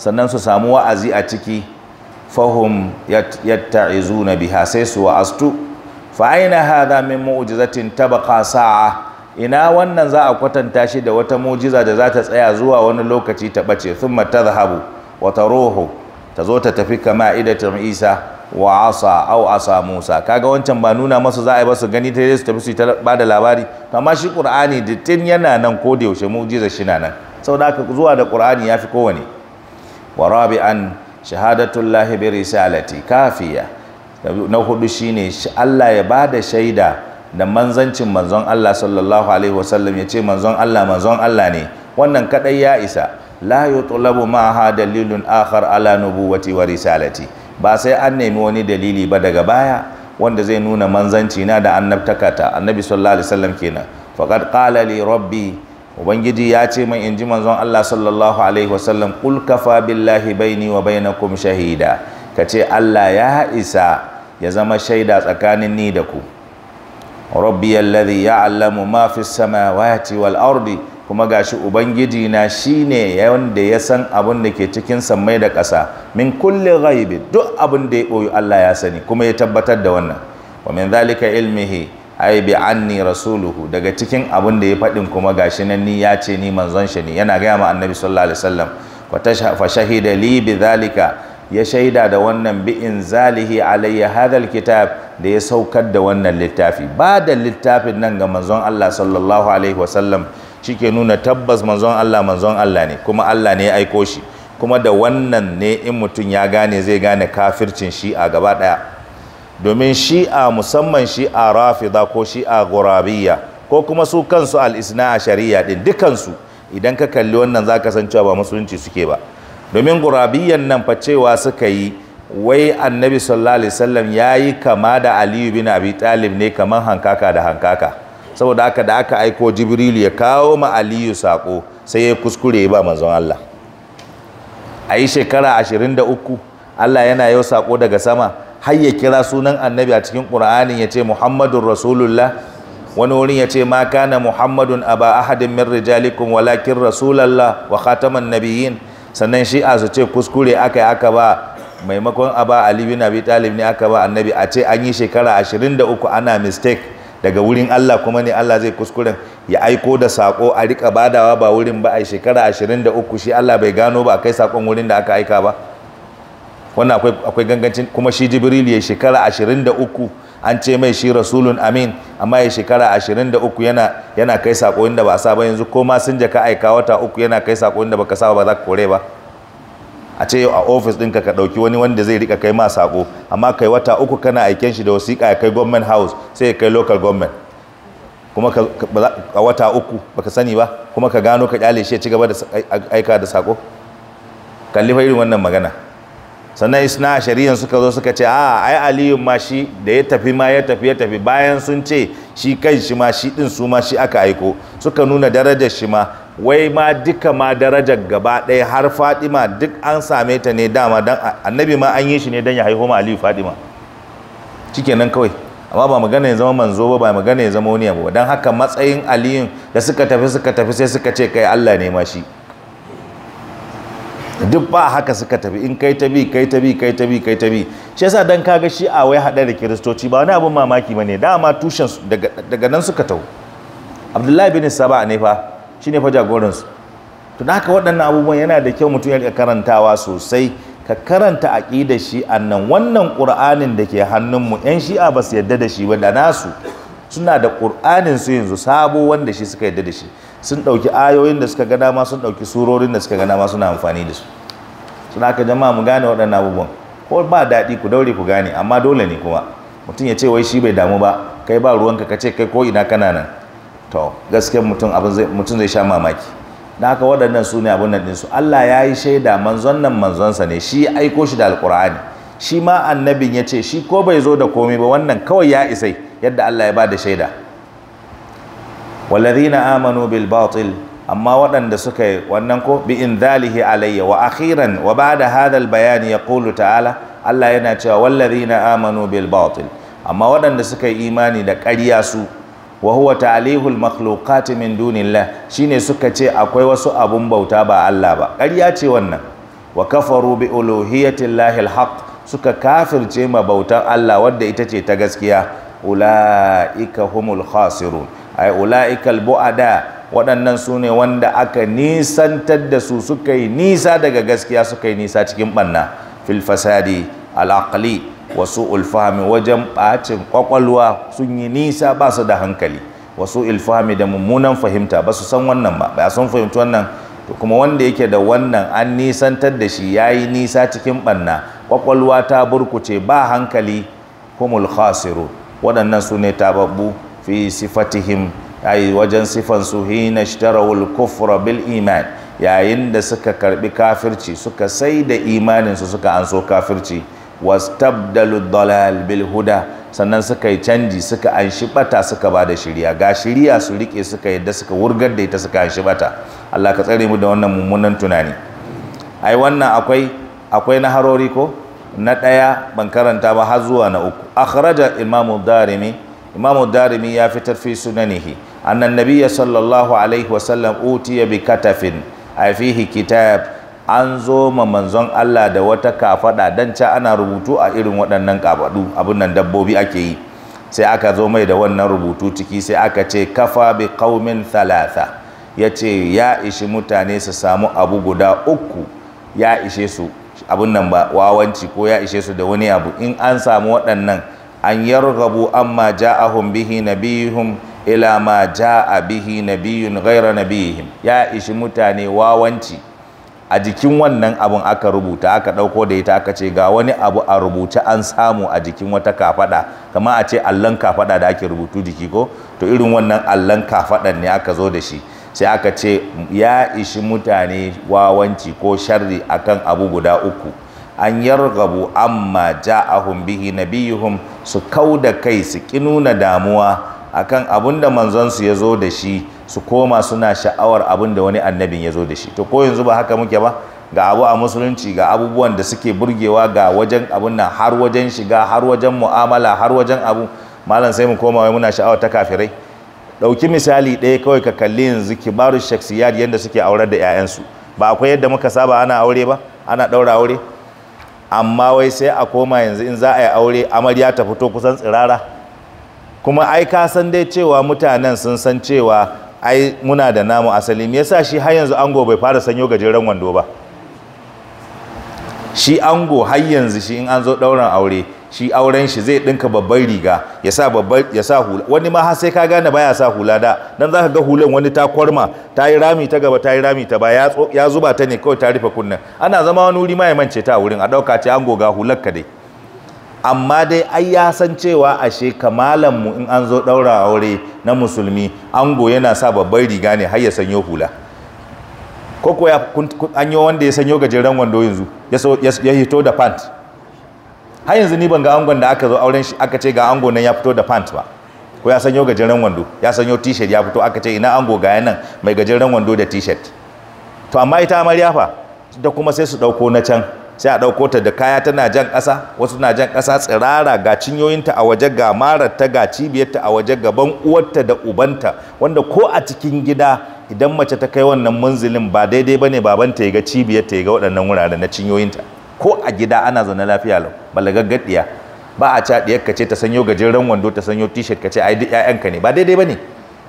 sannan su samu wa'azi a ciki fahum na biha sai su wa'astu fa aina hadha min mu'jizatin tabqa sa'a ina wannan za a kwatanta shi da wata mu'jiza da za ta tsaya zuwa wani lokaci ta bace thumma tadhhabu wa taruhu ta zo ta tafi kama idatun Isa wa asa au asa Musa kaga wancan ba nuna masu za a yi ba su gani ta su tafi su ta da labari amma shi Qur'ani da tun yana nan ko da yaushe mu'jiza shi na nan Sau da aka zuwa da Qur'ani fi kowane wa rabi'an shahadatullahi bi risalati kafiya na hudu shine Allah ya bada shaida da manzancin manzon Allah sallallahu alaihi wasallam ya ce manzon Allah manzon Allah ne wannan kadai ya isa la yutlabu ma'aha dalilun akhar ala nubuwati wa risalati ba sai an nemi wani dalili ba daga baya wanda zai nuna manzanci na da annabtakata annabi sallallahu alaihi wasallam kenan faqad qala li rabbi ubangiji ya ce min in ji manzon Allah sallallahu alaihi wasallam kul kafa billahi baini wa bainakum shahida ka ce Allah ya isa ya zama shaida tsakanin ni da ku rabbi ya ya'lamu ma fi samawati wal ardi kuma gashi ubangiji na ne wanda ya san abin da ke cikin sammai da ƙasa min kulli ghaibi duk abin da ya boyi Allah ya sani kuma ya tabbatar da wannan wa min zalika ilmihi ai bi anni rasuluhu daga cikin abin da ya faɗin kuma gashi nan ni ya ce ni manzon shi ne yana gaya ma annabi sallallahu alaihi wasallam tashafa shahida li bi zalika ya shaida da wannan bi in zalihi alayya hadal kitab da ya saukar da wannan littafi ba da littafin nan ga manzon Allah sallallahu alaihi wasallam shike nuna tabbas manzon Allah manzon Allah ne kuma Allah ne ya aiko shi kuma da wannan ne in mutum ya gane zai gane kafircin shi a gaba daya domin shi'a musamman shi'a rafida ko shi'a gurabiya ko kuma su kansu al'isna a shari'a ɗin dukansu idan ka kalli wannan za ka san cewa ba musulunci suke ba domin gurabiyan nan fa cewa suka yi wai annabi sallallahu alaihi wasallam yayi kama da aliyu bin abi talib ne kaman hankaka da hankaka saboda haka da aka aiko jibrilu ya kawo ma aliyu sako sai ya kuskure ba manzon Allah a yi shekara 23 Allah yana yau sako daga sama har ya kira sunan annabi a cikin ƙur'anin ya ce muhammadun rasulullah wani wurin ya ce ma kana muhammadun aba ahadin min rijalikum walakin rasulallah wa khataman nabiyyin sannan shi'a su ce kuskure aka yi aka ba maimakon aba ali na bi talib ne aka ba annabi a ce an yi shekara 23 ana mistake daga wurin Allah kuma ne Allah zai kuskuren ya aiko da sako a rika badawa ba wurin ba a shekara 23 shi Allah bai gano ba kai sakon wurin da aka aika ba wannan akwai gangancin kuma shi jibril ya shekara 23 an ce mai shi rasulun amin amma ya shekara 23 yana yana kai sako inda ba a ba yanzu ko ma sun jaka aika wata uku yana kai sako inda baka sa ba za ka kore ba a ce a ofis ɗinka ka ɗauki wani wanda zai rika kai ma sako amma kai wata uku kana aiken shi da wasiƙa ya kai government house sai ya kai local government kuma a wata uku baka sani ba kuma ka gano ka kyale shi ya ci gaba da aika da sako kalli irin wannan magana sannan isna shari'an suka zo suka ce a ah, ai aliyu ma shi da ya tafi ma ya tafi ya tafi bayan sun ce shi kan shi ma shi din su ma shi aka aiko suka nuna darajar shi ma wai ma duka ma darajar gaba ɗaya har fatima duk an same ta ne dama don annabi ma an yi shi ne don ya haihu ma aliyu fatima nan kawai amma ba magana ya zama manzo ba ba magana ya zama wani abu ba haka matsayin aliyun da suka tafi suka tafi sai suka ce kai Allah ne ma shi duk ba haka suka tafi in kai ta bi kai ta bi kai ta bi kai ta bi shi yasa dan kaga shi a wai hada da kiristoci ba wani abin mamaki bane dama tushen daga daga nan suka tau Abdullahi bin Saba ne fa shine fa jagoran su to haka waɗannan abubuwan yana da kyau mutum ya rika karantawa sosai ka karanta aqida shi annan wannan qur'anin da ke hannun mu yan shi'a ba su yadda da shi ba da nasu suna da qur'anin su yanzu sabo wanda shi suka yadda da shi sun ɗauki ayoyin da suka ga dama sun ɗauki surorin da suka ga dama suna amfani da su suna aka jama'a mu gane waɗannan abubuwan ko ba daɗi ku daure ku gane amma dole ne kuma mutum ya ce wai shi bai damu ba kai ba ruwanka ka ce kai ko ina kana nan to gaskiyar mutum abin zai mutum zai sha mamaki da haka waɗannan su ne abin nan ɗinsu Allah ya yi shaida manzon nan manzonsa ne shi ya aiko shi da alƙur'ani shi ma annabin ya ce shi ko bai zo da komai ba wannan kawai ya isai yadda Allah ya ba da shaida na amanu bil batil amma waɗanda suka yi wannan ko bi in zalihi alayya wa akhiran wa da hadha al bayan ta'ala Allah yana cewa na amanu bil batil amma waɗanda suka yi imani da ƙarya su wa huwa ta'lihul makhluqati min dunillah shine suka ce akwai wasu abun bauta ba Allah ba ƙarya ce wannan wa kafaru bi uluhiyyati llahi alhaq suka kafirce ma bautan Allah wadda ita ce ta gaskiya ulaika humul khasirun ai ula'ikal bu'ada waɗannan su ne wanda aka nisantar da su suka yi nisa daga gaskiya suka yi nisa cikin ɓanna fil fasadi al'aqli wasu ulfahami wajen ɓacin ƙwaƙwalwa sun yi nisa ba su da hankali wasu ulfahami da mummunan fahimta ba su san wannan ba ba sun fahimci wannan to kuma wanda yake da wannan an nisantar da shi ya yi nisa cikin ɓanna ƙwaƙwalwa ta burkuce ba hankali kumul khasiru waɗannan su ne tababbu fi sifatihim ai wajen sifan su hina ishtarawul kufra bil iman yayin da suka karbi kafirci suka sai da imanin su suka anso kafirci wastabdalu dalal bil huda sannan suka yi canji suka anshi bata suka ba da shiriya ga shirya su rike suka yadda suka wurgar da ita suka anshi bata Allah ka tsare mu da wannan mummunan tunani ai wannan akwai akwai na harori ko na daya ban karanta ba har zuwa na uku akhraja imamu darimi imamu darimi ya fitar fi sunanihi annan nabiyya sallallahu alaihi wasallam utiya bi katafin a fihi kitab an zo ma manzon Allah da wata kafada dan ca ana rubutu a irin waɗannan kafadu abin nan dabbobi ake yi sai aka zo mai da wannan rubutu ciki sai aka ce kafa bi qaumin thalatha yace ya ishi mutane su samu abu guda uku ya ishe su abun nan ba wawanci ko ya ishe su da wani abu in an samu waɗannan an yarghabu amma ja'ahum bihi nabiyuhum ila ma ja'a bihi nabiyun ghaira nabiyihim ya ishi mutane wawanci a jikin wannan abun aka rubuta aka ɗauko da ita aka ce ga wani abu a rubuce an samu a jikin wata kafada kama a ce allon kafada da ake rubutu jiki ko to irin wannan allon kafadan ne aka zo da shi sai aka ce ya ishi mutane wawanci ko sharri akan abu guda uku an yargabu amma ja'ahum bihi nabiyuhum su kau da kai su ki nuna damuwa akan abin da manzonsu ya zo da shi su koma suna sha'awar abin da wani annabin ya zo da shi to ko yanzu ba haka muke ba ga abu a musulunci ga abubuwan da suke burgewa ga wajen abin nan har wajen shiga har wajen mu'amala har wajen abu malam sai mu koma wai muna sha'awar ta kafirai ɗauki misali ɗaya kawai ka kalli yanzu kibaru shaksiyar yadda suke aurar da 'ya'yansu ba akwai yadda muka saba ana aure ba ana ɗaura aure amma wai sai a koma yanzu in za a yi aure amarya ta fito kusan tsirara kuma ai ka san dai cewa mutanen sun san cewa ai muna da namu asali me yasa shi har yanzu ango bai fara sanyo gajeren wando ba shi ango har yanzu shi in an zo ɗauran aure shi auren shi zai dinka babban riga ya sa babban ya sa hula wani ma har sai ka gane baya sa hula da dan zaka ga hulan wani ta kwarma ta yi rami ta gaba ta yi rami ta baya, ya zuba ta ne kawai ta rufe kunnen ana zama wani wuri ma ya mance ta wurin a dauka ce an goga hular ka dai amma dai ai ya san cewa ashe kamalan mu in an zo daura aure na musulmi ango yana sa babban riga ne har ya sanyo hula ko ko ya an yi wanda ya sanyo gajeren wando yanzu ya hito da pant har yanzu ni ban ga angon da aka zo auren shi aka ce ga ango nan ya fito da pant ba ko ya sanyo gajeren wando ya sanyo t-shirt ya fito aka ce ina ango ga nan mai gajeren wando da t-shirt to amma ita amarya fa da kuma sai su dauko na can sai a dauko ta da kaya tana jan kasa wasu na jan kasa tsirara ga cinyoyinta a waje ga ta ga cibiyarta a waje gaban uwarta da ubanta wanda ko a cikin gida idan mace ta kai wannan munzilin ba daidai bane babanta ya ga cibiyar ta ya ga waɗannan wurare na cinyoyinta ko a gida ana zaune lafiya lau balagaggaddiya ba a ca diyar ka ce ta sanyo gajeren wando ta sanyo t ka ce ai duk ƴaƴanka ne ba daidai bane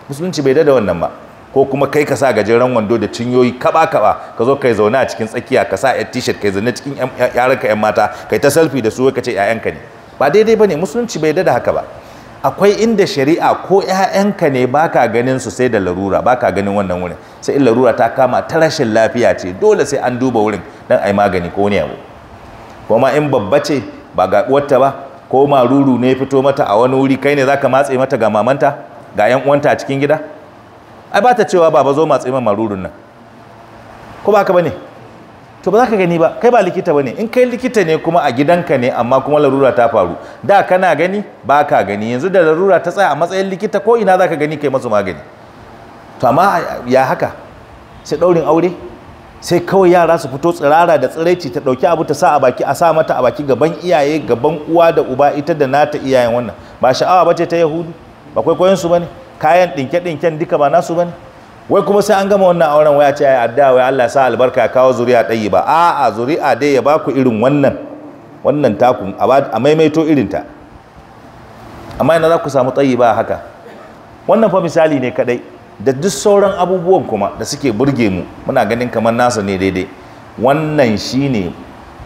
musulunci bai da wannan ba ko kuma kai ka sa gajeren wando da cinyoyi kaba kaba ka zo kai zaune a cikin tsakiya ka sa yar t-shirt kai zaune cikin yaranka yan mata kai ta selfie da su ka ce ƴaƴanka ne ba daidai bane musulunci bai da haka ba akwai inda shari'a ko ƴaƴanka ne baka ganin su sai da larura baka ganin wannan wurin sai in larura ta kama ta rashin lafiya ce dole sai an duba wurin dan ai magani ko ne abu kuma in babba ce ba ga 'uwarta ba ko maruru ne fito mata a wani wuri kai ne zaka matse mata ga mamanta ga yan uwanta a cikin gida ai ba ta cewa baba zo matse min marurun nan ko ba ka bane to ba za ka gani ba kai ba likita bane in kai likita ne kuma a gidanka ne amma kuma larura ta faru da kana gani ba ka gani yanzu da larura ta tsaya a matsayin likita ko ina za ka gani kai masu magani to amma ya haka sai daurin aure sai kawai yara su fito tsirara da tsiraici ta ɗauki abu ta sa a baki a sa mata a baki gaban iyaye gaban uwa da uba ita da nata iyayen wannan ba sha'awa ba ce ta yahudu ba kwaikwayon su bane kayan ɗinke ɗinken duka ba nasu bane wai kuma sai an gama wannan auren waya ce ai adda wai Allah sa albarka ya kawo zuri'a ɗayi ba a'a zuri'a dai ya baku irin wannan wannan takun a maimaito irin ta amma ina za ku samu tsayi ba haka wannan fa misali ne kadai da duk sauran abubuwan kuma da suke burge mu muna ganin kamar nasa ne daidai wannan shine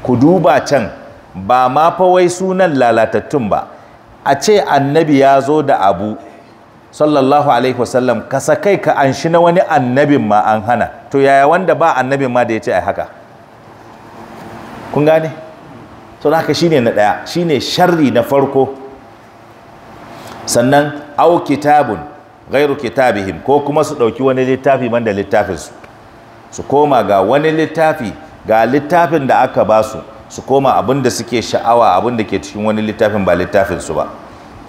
ku duba can ba ma fawai sunan lalatattun ba a ce annabi ya zo da abu sallallahu alaihi wasallam ka sakai ka an na wani annabin ma an hana to yaya wanda ba annabin ma da ya ce a haka kun gane to haka shine na ɗaya shine sharri na farko sannan au kitabun gairu ke kitabihim ko kuma su ɗauki wani littafi banda littafinsu su koma ga wani littafi ga littafin da aka ba su su koma abin da suke sha'awa abin da ke cikin wani littafin ba littafinsu ba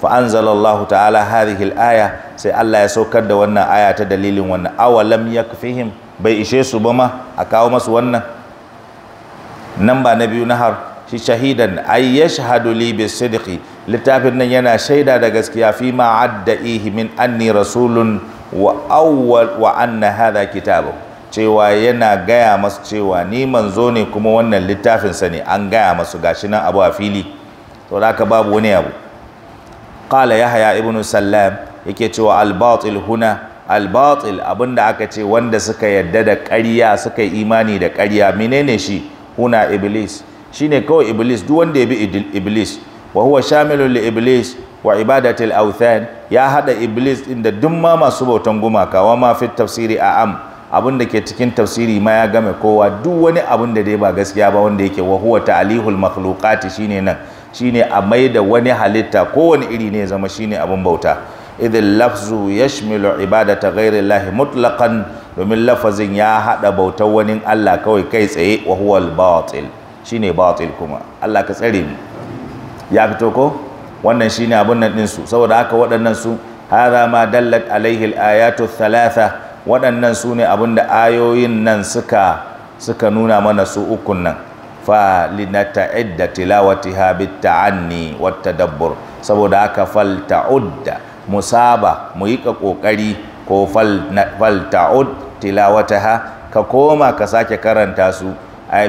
fa anzalallahu ta'ala hadhihi al-aya sai Allah ya saukar da wannan aya ta dalilin wannan awalam yakfihim bai ishe su ba ma a kawo masu wannan nan ba na biyu na shi shahidan ay yashhadu li bisidqi littafin nan yana shaida da gaskiya fi ma ihimin min anni rasulun wa awwal wa anna hadha kitabu cewa yana gaya masu cewa ni manzo ne kuma wannan littafin sa ne an gaya masu gashi nan abu a fili to da babu wani abu qala yahya ibnu sallam yake cewa al-batil huna al-batil abinda aka ce wanda suka yadda da ƙarya suka yi imani da ƙarya menene shi huna iblis shine kawai iblis duk wanda ya bi iblis wa huwa shamilun li iblis wa ibadatil authan ya hada iblis ɗin da duk masu bautan gumaka wa ma fi tafsiri a am abin da ke cikin tafsiri ma ya game kowa duk wani abun da dai ba gaskiya ba wanda yake wa huwa ta'lihul makhluqati shine nan shine a maida wani halitta kowane iri ne zama shine abin bauta idil lafzu yashmilu ibadata ghairi llahi mutlaqan domin lafazin ya hada bautar wani Allah kawai kai tsaye wa huwa al-batil shine batil kuma Allah ka tsare mu ya fito ko wannan shine abun nan din su saboda haka waɗannan su hadha ma dallat alaihi alayatu thalatha waɗannan su ne abun da ayoyin nan suka suka nuna mana su ukun nan fa linata'idda tilawatiha wat tadabbur saboda haka fal ta'udda musaba mu yi ka kokari ko fal ta'ud tilawataha ka koma ka sake karanta su ay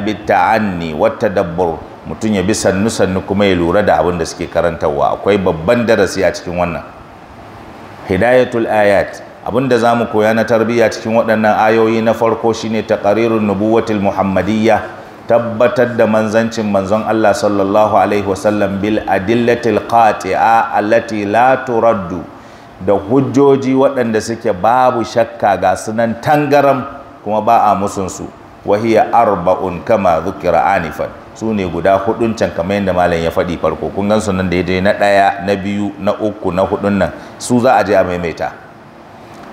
wata tadabbur mutum ya bi sannu-sannu kuma ya lura da abin da suke karantarwa akwai babban darasi a cikin wannan hidayatul ayat abin da za mu koya na tarbiyya cikin waɗannan ayoyi na farko shine taqarirun nubuwatil muhammadiyya tabbatar da manzancin manzon Allah sallallahu alaihi wasallam bil adillatil qati'a allati la turaddu da hujjoji waɗanda suke babu shakka ga sunan tangaram kuma ba a musunsu wahiya arba'un kama dhukira anifan su ne guda hudun can kamar yadda malam ya faɗi farko kun gan su nan daidai na ɗaya na biyu na uku na hudun nan su za a je a maimaita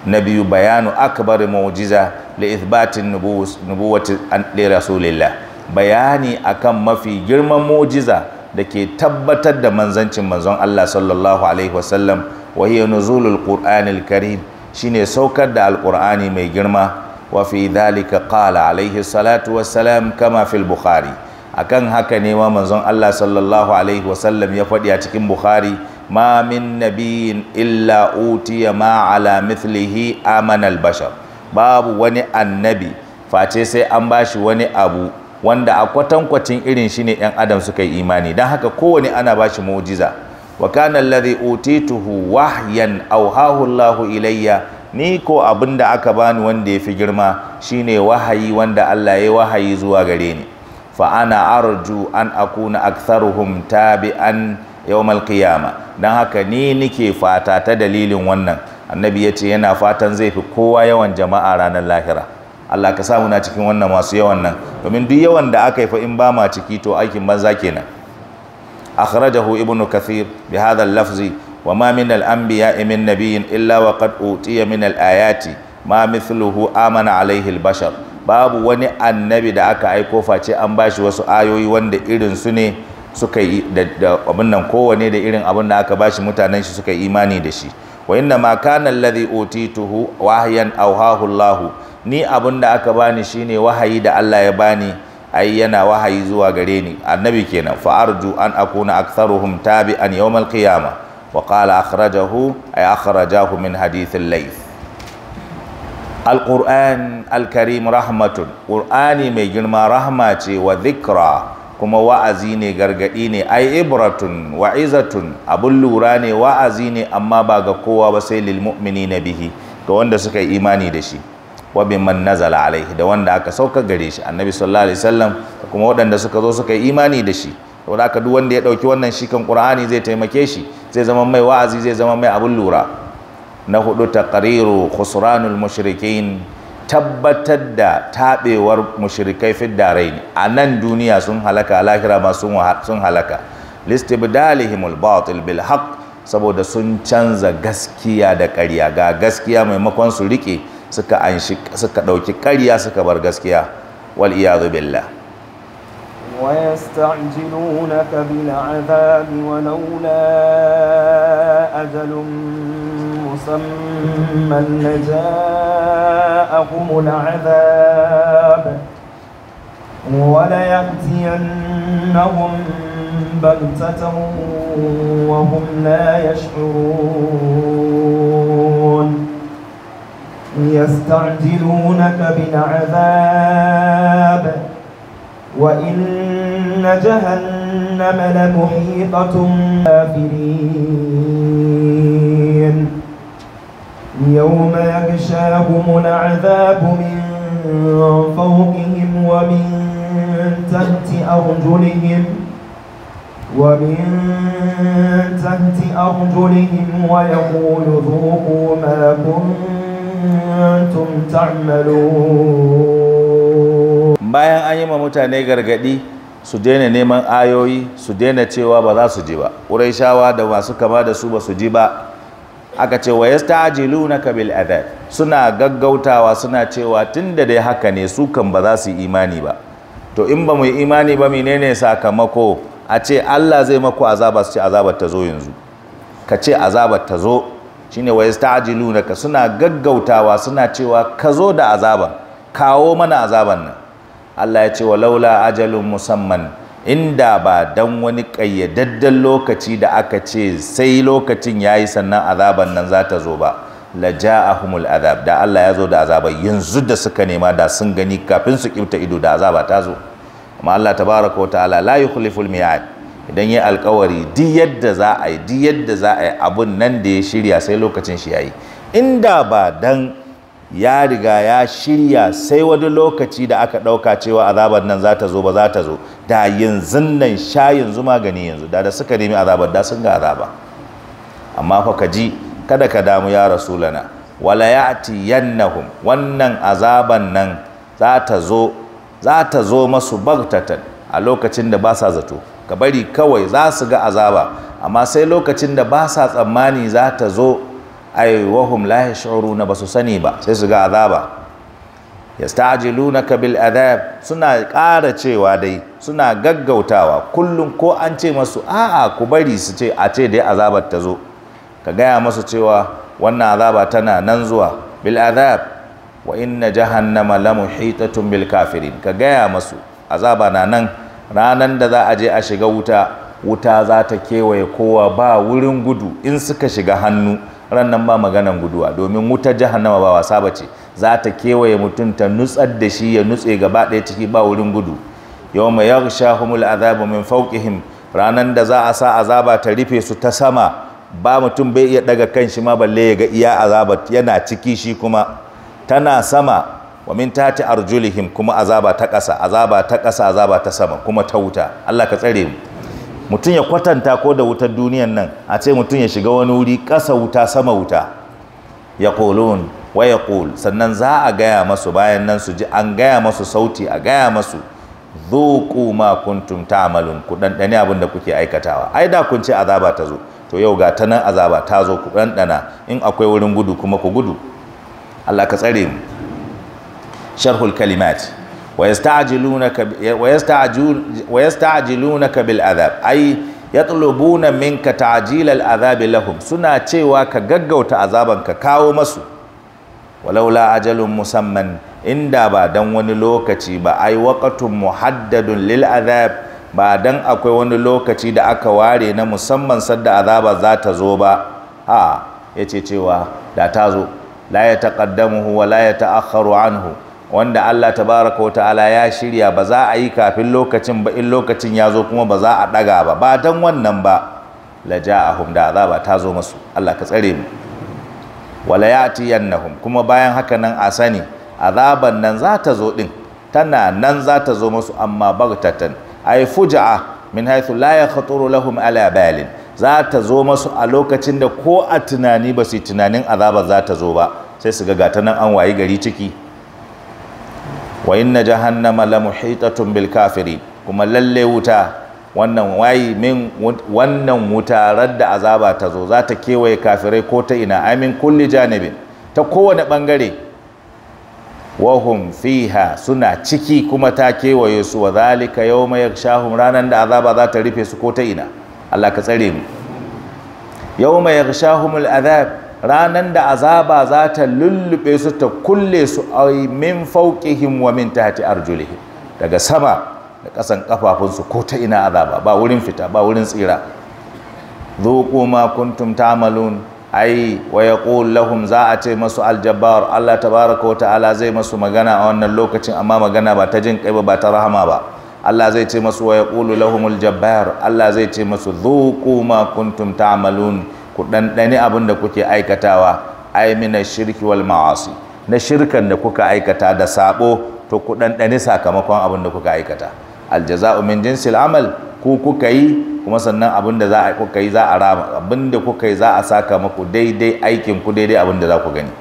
na biyu bayanu akbar mu'jiza li ithbatin nubuwati li rasulillah bayani akan mafi girman mu'jiza da ke tabbatar da manzancin manzon Allah sallallahu alaihi wasallam wa hiya nuzulul qur'anil karim shine saukar da alqur'ani mai girma wa fi dhalika qala alaihi salatu wassalam kama fil bukhari akan haka ne ma manzon Allah sallallahu alaihi wasallam ya faɗi a cikin Bukhari ma min nabiyin illa utiya ma ala mithlihi amanal bashar babu wani annabi face sai an bashi wani abu wanda a kwatankwacin irin shi ne 'yan adam suka yi imani don haka kowane ana bashi mu'jiza wa kana alladhi utituhu wahyan awhahu Allahu ilayya ni ko abin da aka bani wanda ya fi girma shine wahayi wanda Allah ya wahayi zuwa gare ni fa ana arju an akuna aktharuhum tabi'an yawmal qiyama dan haka ni nike fata ta dalilin wannan annabi ya ce yana fatan zai fi kowa yawan jama'a ranar lahira Allah ka samu na cikin wannan masu yawan nan domin duk yawan da aka yi fa in ba ma ciki to aikin banza kenan akhrajahu ibnu kathir bi hadha al-lafzi wa ma min al-anbiya min nabiyyin illa wa qad utiya min al-ayati ma mithluhu amana alayhi al-bashar babu wani annabi da aka aiko face an bashi wasu ayoyi wanda irin su ne suka yi da abin nan kowane da irin abin da aka bashi mutanen shi suka yi imani da shi wa inna ma kana allazi utituhu wahyan awhahu Allah ni abin da aka bani shine wahayi da Allah ya bani ai yana wahayi zuwa gare ni annabi kenan fa arju an akuna aktharuhum tabi'an yawm al-qiyamah wa qala akhrajahu ay akhrajahu min hadith al-layth alƙur'an alkarim rahmatun ƙur'ani mai girma rahma ce wa zikra kuma wa'azi ne gargaɗi ne ai ibratun wa'izatun abin lura ne wa'azi ne amma ba ga kowa ba sai lil na bihi ga wanda suka yi imani da shi wa man nazala alaihi da wanda aka sauka gare shi annabi sallallahu alaihi wasallam kuma waɗanda suka zo suka yi imani da shi saboda haka duk wanda ya ɗauki wannan shi kan ƙur'ani zai taimake shi zai zama mai wa'azi zai zama mai abin lura na hudu takariru khusranul mushrikin tabbatar da tabewar mushrikai fi darain a nan duniya sun halaka al'akira ma sun sun halaka listibdalihim al bil haqq saboda sun canza gaskiya da ƙarya ga gaskiya maimakon su rike suka anshi suka dauki ƙarya suka bar gaskiya wal iyadu billah ويستعجلونك بالعذاب ولولا أجل مسمى لجاءهم العذاب وليأتينهم بغتة وهم لا يشعرون يستعجلونك بالعذاب وإن إن جهنم لمحيطة كافرين يوم يغشاهم العذاب من فوقهم ومن تحت أرجلهم ومن تحت أرجلهم ويقول ذوقوا ما كنتم تعملون bayan أيما متى نيجر قدي su daina neman ayoyi su daina cewa ba za su ji ba shawa da masu kama da su ba su ji ba aka ce wa na kabil adad suna gaggautawa suna cewa tun da dai haka ne su kan ba za su yi imani ba to in ba mu yi imani ba menene sakamako a ce Allah zai maku azabar su ce azabar ta zo yanzu ka ce azabar ta zo shine wa ka. suna gaggautawa suna cewa ka zo da azabar kawo mana azaban nan Allah ya ce wa laula ajalun musamman inda ba dan wani kayyadaddan lokaci da aka ce sai lokacin yayi sannan azaban nan za ta zo ba la ja'ahumul azab da Allah ya zo da azaba yanzu da suka nema da sun gani kafin su kibta ido da azaba ta zo amma Allah tabaraka wa ta'ala la yukhliful mi'ad idan yayi alkawari di yadda za a yi di yadda za a yi abun nan da ya shirya sai lokacin shi yayi inda ba dan ya riga ya shirya sai wani lokaci da aka ɗauka cewa azabar nan za ta zo ba za ta zo da yanzu nan sha yanzu magani yanzu da suka nemi azabar da sun ga azaba amma fa ka ji kada ka damu ya rasulana wala ya'ti yannahum wannan azaban nan za ta zo za ta zo masu bagtatan a lokacin da ba sa zato ka bari kawai za su ga azaba amma sai lokacin da ba sa tsammani za ta zo ay wahum la yash'uruna basu sani ba sai su ga azaba yasta'jilunaka bil adab suna ƙara cewa dai suna gaggautawa kullum ko an ce masu a'a ku bari su ce a ce dai azabar ta zo ka gaya masu cewa wannan azaba tana nan zuwa bil adab wa inna jahannama muhitatun bil kafirin ka gaya masu azaba na nan ranan da za a je a shiga wuta wuta za ta kewaye kowa ba wurin gudu in suka shiga hannu ran nan ba maganan guduwa domin wuta jahannama ba wasa bace za ta kewaye mutum ta nutsar da shi ya nutse gaba ɗaya ciki ba wurin gudu yawma yaghshahumul azabu min fawqihim ranan da za a sa azaba ta rufe su ta sama ba mutum bai iya daga kan shi ma balle ya ga iya azaba yana ciki shi kuma tana sama wa min tati arjulihim kuma azaba ta ƙasa azaba ta ƙasa azaba ta sama kuma ta wuta Allah ka tsare mu mutum ya kwatanta ko da wutar duniyan nan a ce mutum ya shiga wani wuri ƙasa wuta sama wuta ya kolon waya kol sannan za a gaya masu bayan nan su ji an gaya masu sauti a gaya masu zuku ma kuntum amalin ku ɗanɗani abin da kuke aikatawa ai da kun ce azaba ta zo to yau ga ta azaba ta zo ku ɗanɗana in akwai wurin gudu kuma ku gudu Allah ka tsare mu sharhul kalimat wayasta'jilunaka bil adhab ay yatlubuna minka ta'jil al adhab suna cewa ka gaggauta azaban ka kawo masu walaula ajalun musamman inda ba dan wani lokaci ba ai waqtun muhaddadun lil adhab ba dan akwai wani lokaci da aka ware na musamman sadda azaba za ta zo ba ha yace cewa da ta zo la yataqaddamuhu wa la yata'akhkharu anhu wanda Allah tabaraka wa ta'ala ya shirya ba za a yi kafin lokacin ba in lokacin ya zo kuma ba za a daga ba ba dan wannan ba la ja'ahum da azaba ta zo masu Allah ka tsare mu wala ya'tiyannahum kuma bayan haka nan a sani azaban nan za ta zo din tana nan za ta zo masu amma bagtatan ay fuja'a min haythu la yakhturu lahum ala balin za ta zo masu a lokacin da ko a tunani ba su tunanin azaba za ta zo ba sai su ga gata nan an wayi gari ciki wa inna jahannama la muhitatun bil kafirin kuma lalle wuta wannan wayi min wannan wuta radda azaba ta zo za ta kewaye kafirai ko ta ina amin kulli janibin ta kowane bangare wahum fiha suna ciki kuma ta kewaye su wa zalika yawma yakshahum ranan da azaba za ta rufe su ko ta ina Allah ka tsare mu yawma yakshahumul azab ranan da azaba za ta lullube su ta kulle su a min fauƙihim wa min tahti arjulihim daga sama da ƙasan kafafunsu ko ta ina azaba ba wurin fita ba wurin tsira dhuqu ma kuntum ta'malun ai wa yaqul lahum za a ce masu aljabbar Allah tabaraka wa ta'ala zai masu magana a wannan lokacin amma magana ba ta jin kai ba ta rahama ba Allah zai ce masu wa yaqulu lahumul jabbar Allah zai ce masu dhuqu ma kuntum ta'malun ku ɗanɗani abin da kuke aikatawa ai mina shirki wal ma'asi na shirkan da kuka aikata da sabo to ku ɗanɗani sakamakon abin da kuka aikata aljaza'u min jinsil amal ku kuka yi kuma sannan abin da za a kuka yi za a rama abin da kuka yi za a saka muku daidai aikin ku daidai abin da za ku gani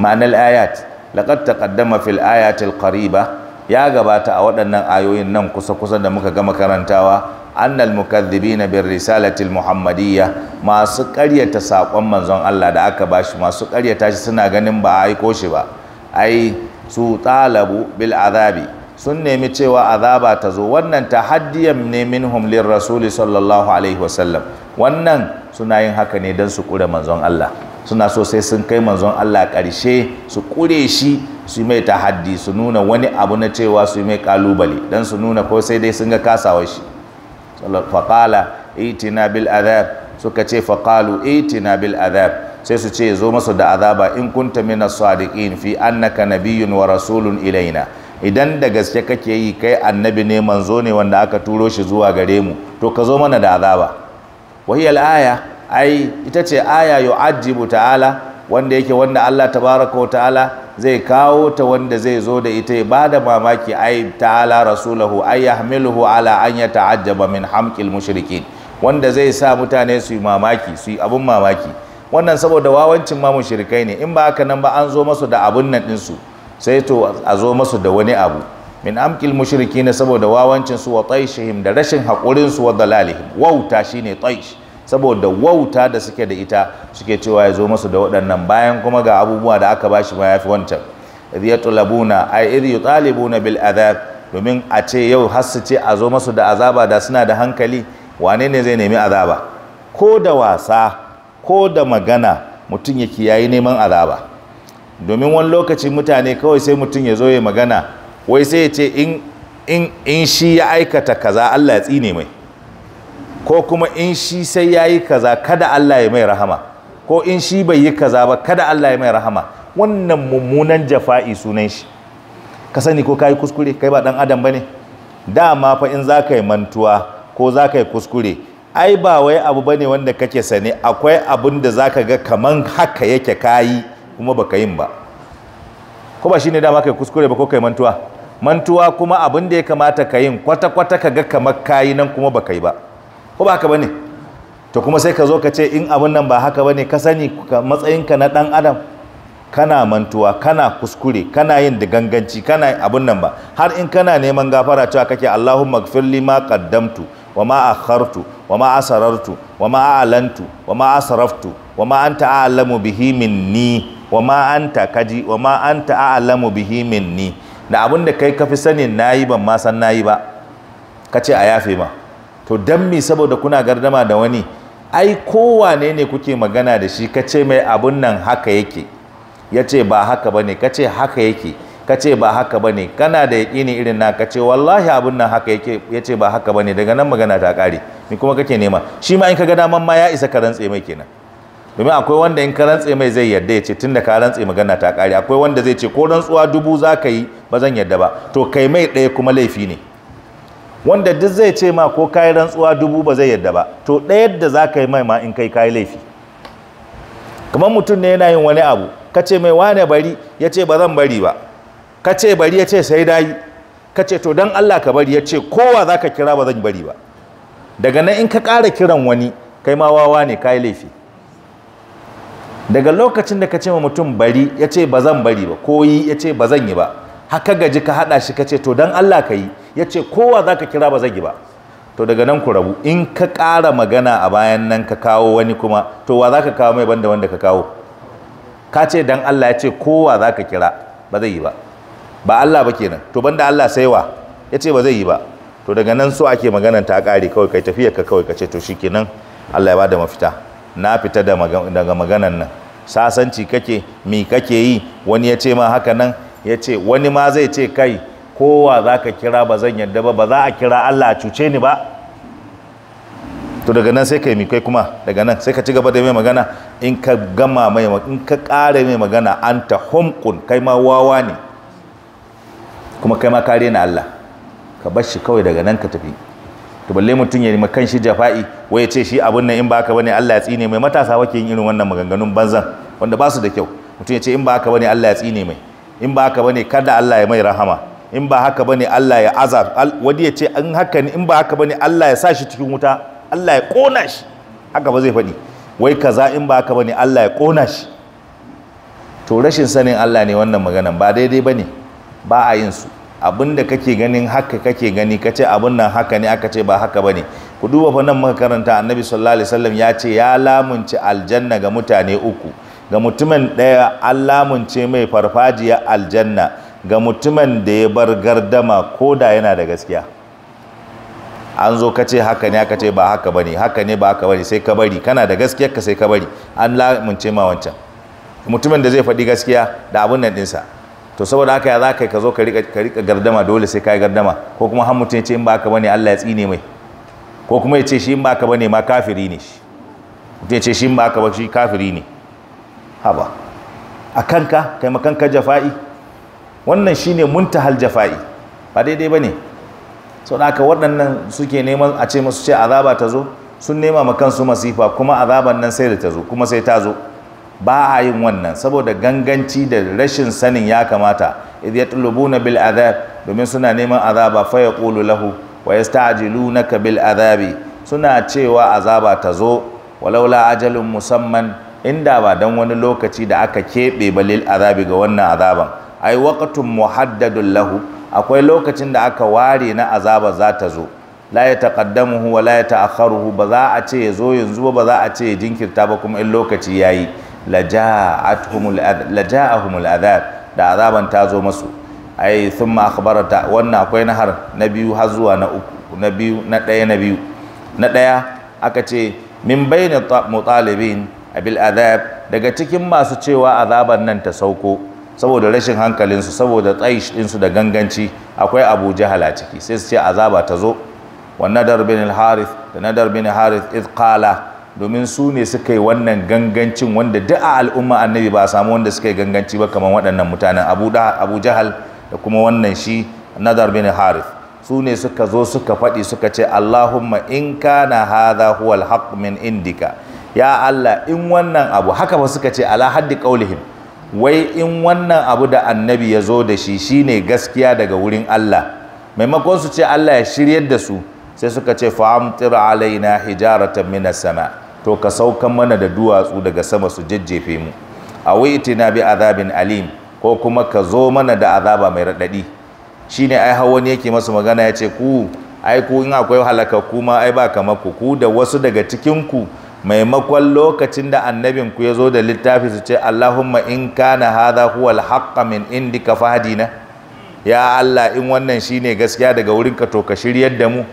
ma'anar ayat laqad taqaddama fil ayatil qariba ya gabata a waɗannan ayoyin nan kusa kusa da muka gama karantawa annal mukaththibina bir risalati muhammadiyya masu ƙaryata saƙon manzon Allah da aka bashi masu ƙaryata shi suna ganin ba a aiko shi ba ai su talabu bil azabi sun nemi cewa azaba ta zo wannan tahaddiyan ne minhum lir rasuli sallallahu alaihi wasallam wannan suna yin haka ne don su kure manzon Allah suna so sai sun kai manzon Allah ƙarshe su kure shi su mai tahaddi su nuna wani abu na cewa su mai kalubale don su nuna ko sai dai sun ga kasawar shi faƙala itina bil azab suka ce faƙalu itina bil azab sai su ce zo masu da azaba in kunta mina sadiqin fi annaka nabiyyun wa rasulun ilaina idan da gaske kake yi kai annabi ne manzo ne wanda aka turo shi zuwa gare mu to ka zo mana da azaba wahiyal aya ai ita ce aya yu'ajjibu ta'ala wanda yake wanda Allah ta ta'ala zai kawo ta wanda zai zo da ita ya ba da mamaki ai ta'ala rasulahu ya hamiluhu ala an yata'ajjaba min hamkil mushrikin wanda zai sa mutane su yi mamaki su yi abun mamaki wannan saboda wawancin ma mushrikai ne in ba haka nan ba an zo masu da abun nan din sai to a zo masu da wani abu min amkil mushriki na saboda wawancin su wa taishihim da rashin haƙurin su wa dalalihim wauta shine taish saboda wauta da suke da ita suke cewa ya zo masu da waɗannan bayan kuma ga abubuwa da aka bashi ma fi wancan idh ai iri idh na bil azab domin a ce yau har su ce a zo masu da azaba da suna da hankali wane ne zai nemi azaba ko da wasa ko da magana mutum yake yayi neman azaba domin wani lokaci mutane kawai sai mutum ya zo ya magana wai sai ya ce in shi ya aikata kaza Allah ya tsine mai ko kuma in shi sai ya yi kaza kada Allah ya mai rahama ko in shi bai yi kaza ba kada Allah ya mai rahama wannan mummunan jafa'i sunan shi ka sani ko kayi kuskure kai ba dan adam bane dama fa in zaka yi mantuwa ko zaka yi kuskure ai ba wai abu bane wanda kake sane akwai abin da zaka ga kaman haka yake kayi kuma baka yin ba ko ba shine dama kai kuskure ba ko kai mantuwa mantuwa kuma abin da ya kamata ka yin kwata kwata ka ga kamar kayi nan kuma baka yi ba ko ba haka ne to kuma sai ka zo ka ce in abin nan ba haka bane ka sani matsayinka na ɗan adam kana mantuwa kana kuskure kana yin da ganganci kana abin nan ba har in kana neman gafara cewa kake Allahumma gfirli ma kaddamtu wa ma akhartu wa ma asarartu wa ma alantu wa ma saraftu wa ma anta a'lamu bihi ni wa ma anta kaji wa ma anta a'lamu bihi ni da abin da kai kafi sanin na yi ban ma san yi ba ka ce a yafe ma to dan me saboda kuna gardama da wani ai kowane ne kuke magana da shi kace mai abun nan haka yake yace ba haka bane kace haka yake kace ba haka bane kana da yaƙini irin na kace wallahi abun nan haka yake yace ba haka bane daga nan magana ta ƙare ni kuma kake nema shi ma in ka ga daman ma ya isa ka rantse mai kenan domin akwai wanda in ka rantse mai zai yarda ya ce tun da ka rantse magana ta ƙare akwai wanda zai ce ko rantsuwa dubu za ka yi ba zan yarda ba to kai mai ɗaya kuma laifi ne wanda duk zai ce ma ko kayi rantsuwa dubu ba zai yadda ba to ɗaya da za ka yi mai ma in kai kayi laifi kamar mutum ne yana yin wani abu ka ce mai wane bari ya ce ba zan bari ba ka ce bari ya ce sai dayi ka ce to don allah ka bari ya ce kowa za ka kira ba zan bari ba daga nan in ka ƙara kiran wani kai ma wawa ne kayi laifi daga lokacin da ka ce ma mutum bari ya ce ba zan bari ba koyi yi ya ce ba zan yi ba haka gaji ka haɗa shi ka ce to don allah ka yi ya ce kowa za ka kira ba zagi ba to daga nan ku rabu in ka ƙara magana a bayan nan ka kawo wani kuma to wa za ka kawo mai banda wanda ka kawo ka ce dan Allah ya ce kowa za ka kira ba zai yi ba ba Allah ba kenan to banda Allah sai wa ya ce ba zai yi ba to daga nan so ake maganan ta ƙare kawai kai tafiyar ka kawai ka ce to shikenan Allah ya bada mafita na fita daga maganan nan sasanci kake mi kake yi wani ya ce ma haka nan ya ce wani ma zai ce kai kowa za ka kira ba zan yadda ba ba za a kira Allah a cuce ni ba to daga nan sai ka yi mikai kuma daga nan sai ka ci gaba da mai magana in ka gama mai in ka ƙara mai magana an ta homkun kai ma wawa ne kuma kai ma kare na Allah ka bar shi kawai daga nan ka tafi to balle mutum ya nemi kan shi jafa'i wai ya ce shi abin nan in ba ka bane Allah ya tsine mai matasa wake yin irin wannan maganganun banzan wanda ba su da kyau mutum ya ce in ba ka bane Allah ya tsine mai in ba ka bane kada Allah ya mai rahama in ba haka bane Allah ya azab wadi ya ce in haka ne in ba haka bane Allah ya sa shi cikin wuta Allah ya kona shi haka ba zai faɗi wai kaza in ba haka bane Allah ya kona shi to rashin sanin Allah ne wannan maganan ba daidai bane ba a yin su abinda kake ganin haka kake gani kace abin nan haka ne aka ce ba haka bane ku duba fa nan muka karanta annabi sallallahu alaihi wasallam ya ce ya lamunci aljanna ga mutane uku ga mutumin daya an lamunce mai farfajiya aljanna ga mutumin da ya bar gardama ko da yana da gaskiya an zo ka ce haka ne aka ce ba haka bane haka ne ba haka bane sai ka bari kana da gaskiyar ka sai ka bari an lamince ma wancan mutumin da zai faɗi gaskiya da abun nan ɗinsa to saboda haka ya za ka ka zo ka riƙa gardama dole sai ka yi gardama ko kuma har mutum ya ce in ba haka bane Allah ya tsine mai ko kuma ya ce shi in ba haka bane ma kafiri ne shi mutum ya ce shi in ba haka ba shi kafiri ne haba a kanka kai makanka jafa'i wannan shine muntahal jafa'i ba daidai bane sau da aka waɗannan suke neman a ce masu ce azaba ta zo sun nema ma kansu masifa kuma azaban nan sai da ta zo kuma sai ta zo ba a yin wannan saboda ganganci da rashin sanin ya kamata idh yatlubuna bil azab domin suna neman azaba fa yaqulu lahu wa yasta'jilunaka bil azabi suna cewa azaba ta zo walaula ajalun musamman inda ba dan wani lokaci da aka keɓe balil azabi ga wannan azaban ai waqtun muhaddadun lahu akwai lokacin da aka ware na azaba za ta zo la ya wa la ya ba za a ce ya zo yanzu ba za a ce jinkirta ba kuma in lokaci yayi laja'atuhumul laja'ahumul adab da azaban ta zo masu ai thumma akhbarata wannan akwai har na biyu har zuwa na uku na biyu na ɗaya na biyu na daya aka ce min bayna mutalibin abil adab daga cikin masu cewa azaban nan ta sauko saboda rashin hankalinsu saboda tsayish ɗinsu da ganganci akwai abu jahal a ciki sai su ce azaba ta zo wa nadar bin harith da nadar bin harith domin su ne suka yi wannan gangancin wanda duk a al'umma annabi ba a samu wanda suka yi ganganci ba kamar waɗannan mutanen abu jahal da kuma wannan shi nadar bin harith su ne suka zo suka faɗi suka ce Allahumma in kana hadha huwal haqq min indika ya Allah in wannan abu haka ba suka ce ala haddi qaulihim wai in wannan abu da annabi ya zo da shi shine gaskiya daga wurin Allah maimakon su ce Allah ya shiryar da su sai suka ce fa'amtir alaina hijaratan minas sama to ka saukan mana da duwatsu daga sama su jajjefe mu A awaitina bi azabin alim ko kuma ka zo mana da azaba mai radadi shine ai hawan yake masu magana ya ce ku ai ku in akwai halaka ma ai ba kamar ku ku da wasu daga cikin ku maimakon lokacin da annabinku ya zo da littafi su ce Allahumma in kana hadha huwa al min indika fahdina ya Allah in wannan shine gaskiya daga ka to ka shiryar da mu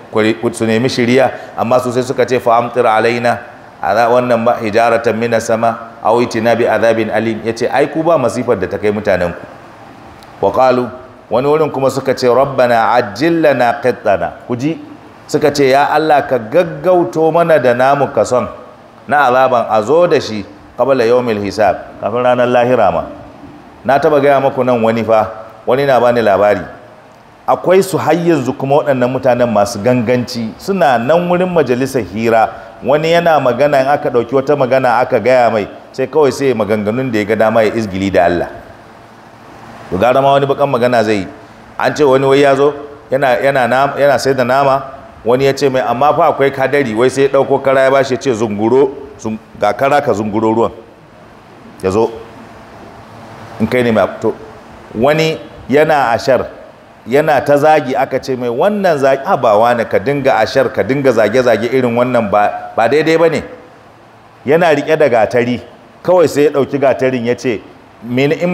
su nemi shirya amma su sai suka ce fa alaina a wannan ba hijaratan mina sama aw itina bi azabin alim yace ai ku ba masifar da ta kai mutanen ku wa wani wurin kuma suka ce rabbana ajjil lana qittana kuji suka ce ya Allah ka gaggauto mana da namu ka son' na azaban a zo da shi kabala yawmil hisab kafin ranar lahira ma na taba gaya maku nan wani fa wani na bani labari akwai su har yanzu kuma waɗannan mutanen masu ganganci suna nan wurin majalisar hira wani yana magana in aka ɗauki wata magana aka gaya mai sai kawai sai maganganun da ya ga dama ya izgili da Allah to gara ma wani bakan magana zai an ce wani wai ya zo yana yana yana sai da nama wani ya ce mai amma fa akwai kadari wai sai ya ɗauko kara ya bashi ya ce zunguro ga kara ka zunguro ruwan ya zo in kai ne mai to wani yana ashar yana ta zagi aka ce mai wannan zagi a ba wani ka dinga ashar ka dinga zage-zage irin wannan ba daidai ba ne yana riƙe da gatari kawai sai ya ɗauki gatarin ya ce in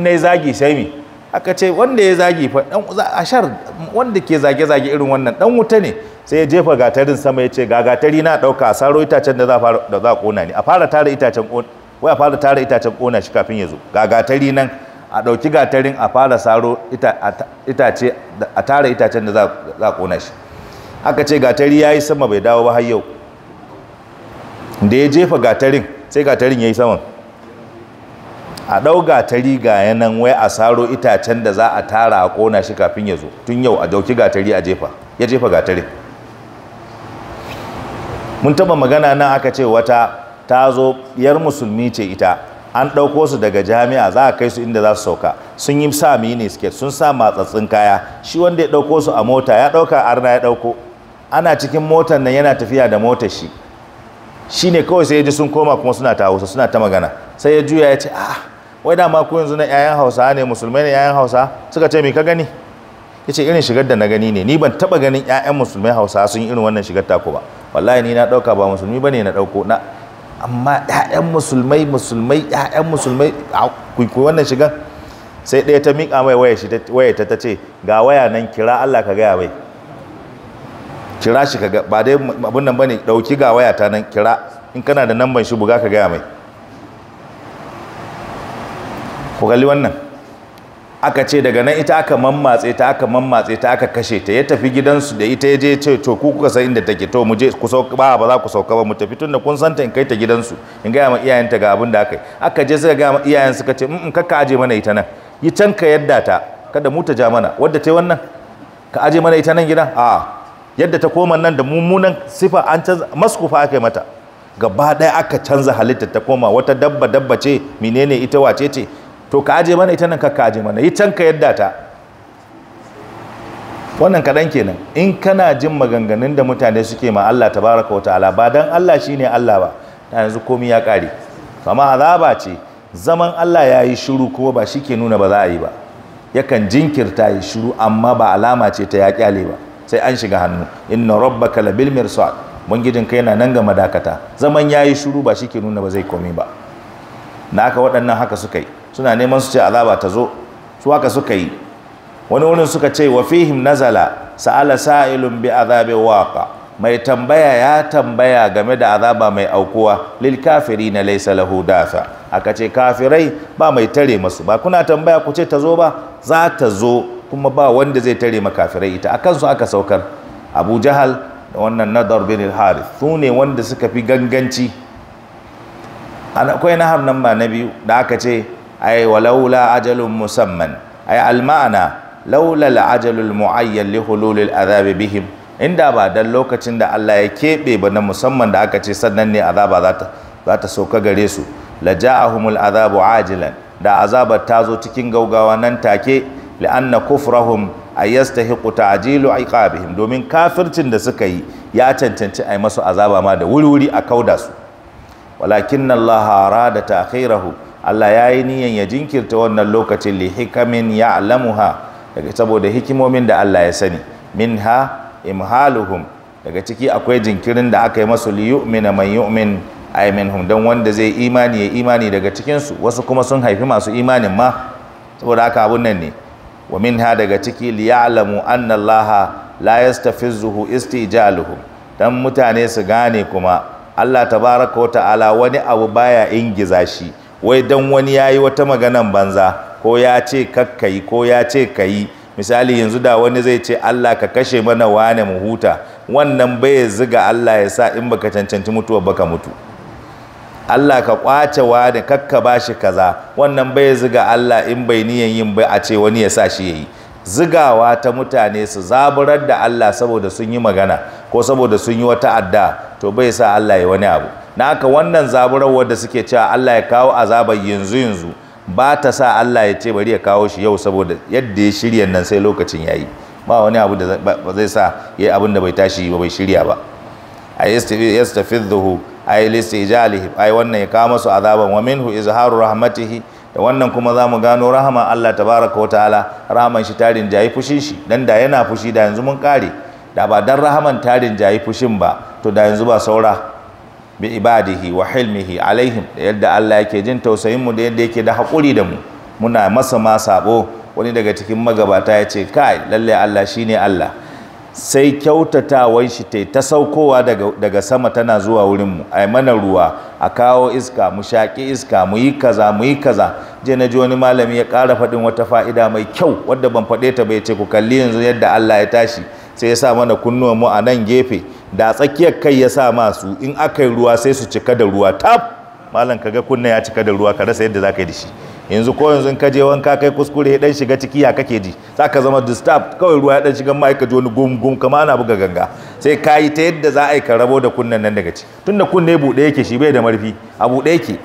mai zagi sai mi aka ce wanda ya zagi fa dan ashar wanda ke zage zage irin wannan dan wuta ne sai ya jefa gatarin sama ya ce ga gatari na dauka saro itacen da za fara da za kona ni a fara tare itacen kona wai a fara tara itacen kona shi kafin ya zo ga gatari nan a dauki gatarin a fara saro itace a tara itacen da za kona shi aka ce gatari yayi sama bai dawo ba har yau da ya jefa gatarin sai gatarin yayi saman a ɗauga ta riga Yanan wai a saro itacen da za a tara a ƙona shi kafin ya zo tun yau a dauki gatari a jefa ya jefa gatari mun taɓa magana nan aka ce wata ta zo yar musulmi ce ita an ɗauko su daga jami'a za a kai su inda za su sauka sun yi sa mini skirt sun sa matsatsin kaya shi wanda ya ɗauko su a mota ya ɗauka arna ya ɗauko ana cikin motar nan yana tafiya da motar shi Shi ne kawai sai ya ji sun koma kuma suna ta hausa suna ta magana sai ya juya ya ce a'a ah, wai dama ku yanzu na 'ya'yan hausa ne musulmai ne 'ya'yan hausa suka ce me ka gani ya ce irin shigar da na gani ne ni ban taba ganin 'ya'yan musulmai hausa sun yi irin wannan shigar taku ba wallahi ni na ɗauka ba musulmi ba ne na ɗauko na amma 'ya'yan musulmai musulmai 'ya'yan musulmai ku wannan shigar sai ɗaya ta miƙa mai waya shi ta ta ce ga waya nan kira Allah ka gaya mai kira shi ka ga ba dai abun nan bane ɗauki ga waya ta nan kira in kana da namban shi buga ka gaya mai ku gali wannan aka ce daga nan ita aka mammatse ta aka mammatse ta aka kashe ta ya tafi gidansu da ita ya je ce to ku kuka san inda take to mu je ku sauka ba ba za ku sauka ba mu tafi tunda kun santa in kai ta gidansu in gaya ma iyayenta ga abin da aka yi aka je suka gaya ma iyayen suka ce in kakka aje mana ita nan yi can ka yadda ta kada mu ta ja mana wadda ta wannan ka aje mana ita nan gida a yadda ta koma nan da mummunan sifa an canza maskufa aka yi mata gaba ɗaya aka canza halittar ta koma wata dabba dabba ce menene ita wace ce to ka aje mana ita nan ka aje mana yi can ka yadda ta wannan kaɗan kenan in kana jin maganganun da mutane suke ma Allah tabaraka wa ta'ala ba dan Allah shine Allah ba ta yanzu komai ya ƙare amma azaba ce zaman Allah ya yi shiru kuma ba shi ke nuna ba za a yi ba yakan jinkirta yi shiru amma ba alama ce ta ya kyale ba sai an shiga hannu inna rabbaka labil mirsad bangijin kai yana nan ga madakata zaman ya yi shiru ba shi ke nuna ba zai komai ba na haka waɗannan haka suka yi suna neman su ce azaba ta zo su haka suka yi wani wurin suka ce wa fihim nazala sa'ala sa'ilun bi azabe waqa mai tambaya ya tambaya game da azaba mai aukuwa lil na laysa lahu dafa aka ce kafirai ba mai tare masu ba kuna tambaya ku ce ta zo ba za ta zo kuma ba wanda zai tare ma kafirai ita akan su aka saukar Abu Jahal da wannan Nadar bin al su ne wanda suka fi ganganci akwai nahar nan ba na biyu da aka ce ai walaula ajalun musamman ai alma'ana laula ajalul mu'ayyan li hululil azabi bihim inda ba dan lokacin da Allah ya keɓe ba na musamman da aka ce sannan ne azaba za ta za ta sauka gare su la ja'ahumul azabu ajilan da azabar ta zo cikin gaugawa nan take li'anna kufrahum ayastahiqu ta'jilu iqabihim domin kafircin da suka yi ya cancanci ai masu azaba ma da wuri-wuri a kauda su walakin Allah arada ta'khirahu Allah ya yi niyan ya jinkirta wannan lokacin li hikamin ya alamuha saboda hikimomin da Allah ya sani min minha imhaluhum daga ciki akwai jinkirin da aka yi masu li yu'mina man yu'min ay minhum dan wanda zai imani ya imani daga cikin wasu kuma sun haifi masu imanin ma saboda haka abun nan ne wa min ha daga ciki li ya'lamu anna Allah la yastafizuhu istijaluhum dan mutane su gane kuma Allah tabaraka wa ta'ala wani abu baya ingiza shi wai don wani ya yi wata maganan banza ko ya ce kakkayi ko ya ce kayi misali yanzu da wani zai ce Allah ka kashe mana wane mu huta wannan bai ziga Allah ya sa in baka cancanci mutuwa baka mutu Allah ka kwace wane kakka bashi kaza wannan bai ziga Allah in bai niyan yin bai a ce wani ya sa shi yayi zigawa ta mutane su zaburar da Allah saboda sun yi magana ko saboda sun yi wata adda to bai sa Allah ya wani abu na haka wannan zaburarwar da suke cewa Allah ya kawo azabar yanzu yanzu ba ta sa Allah ya ce bari ya kawo shi yau saboda yadda ya shirya nan sai lokacin ya yi ba wani abu da zai sa ya yi abin da bai tashi ba bai shirya ba a yastafidhu ay a yi wannan ya kawo masu azaban wa minhu izharu rahmatihi da wannan kuma za mu gano rahama Allah tabaraka wa ta'ala rahaman shi tarin jayi fushin shi dan da yana fushi da yanzu mun kare da ba dan rahaman tarin jayi fushin ba to da yanzu ba saura bi ibadihi wa hilmihi alaihim da yadda Allah yake jin tausayin mu da yadda yake da haƙuri da mu muna masa ma sabo wani daga cikin magabata ya ce kai lalle Allah shine Allah sai kyautatawan shi ta ta saukowa daga sama tana zuwa wurin mu ai mana ruwa a kawo iska mu shaƙi iska mu yi kaza mu yi kaza je na ji wani malami ya ƙara faɗin wata fa'ida mai kyau wadda ban faɗe ta bai ce ku kalli yanzu yadda Allah ya tashi sai ya sa mana kunnuwan mu a nan gefe da tsakiyar kai ya sa masu in aka yi ruwa sai su cika da ruwa tab malam kaga kunna ya cika da ruwa ka rasa yadda za ka yi da shi yanzu ko yanzu in ka je wanka kai kuskure ya dan shiga ciki ya kake ji za ka zama disturb kawai ruwa ya dan shiga mai ka ji wani gum gum ana buga ganga sai ka yi ta yadda za a yi ka rabo da kunnan nan daga ci tunda kunne bude yake shi bai da marfi a buɗe yake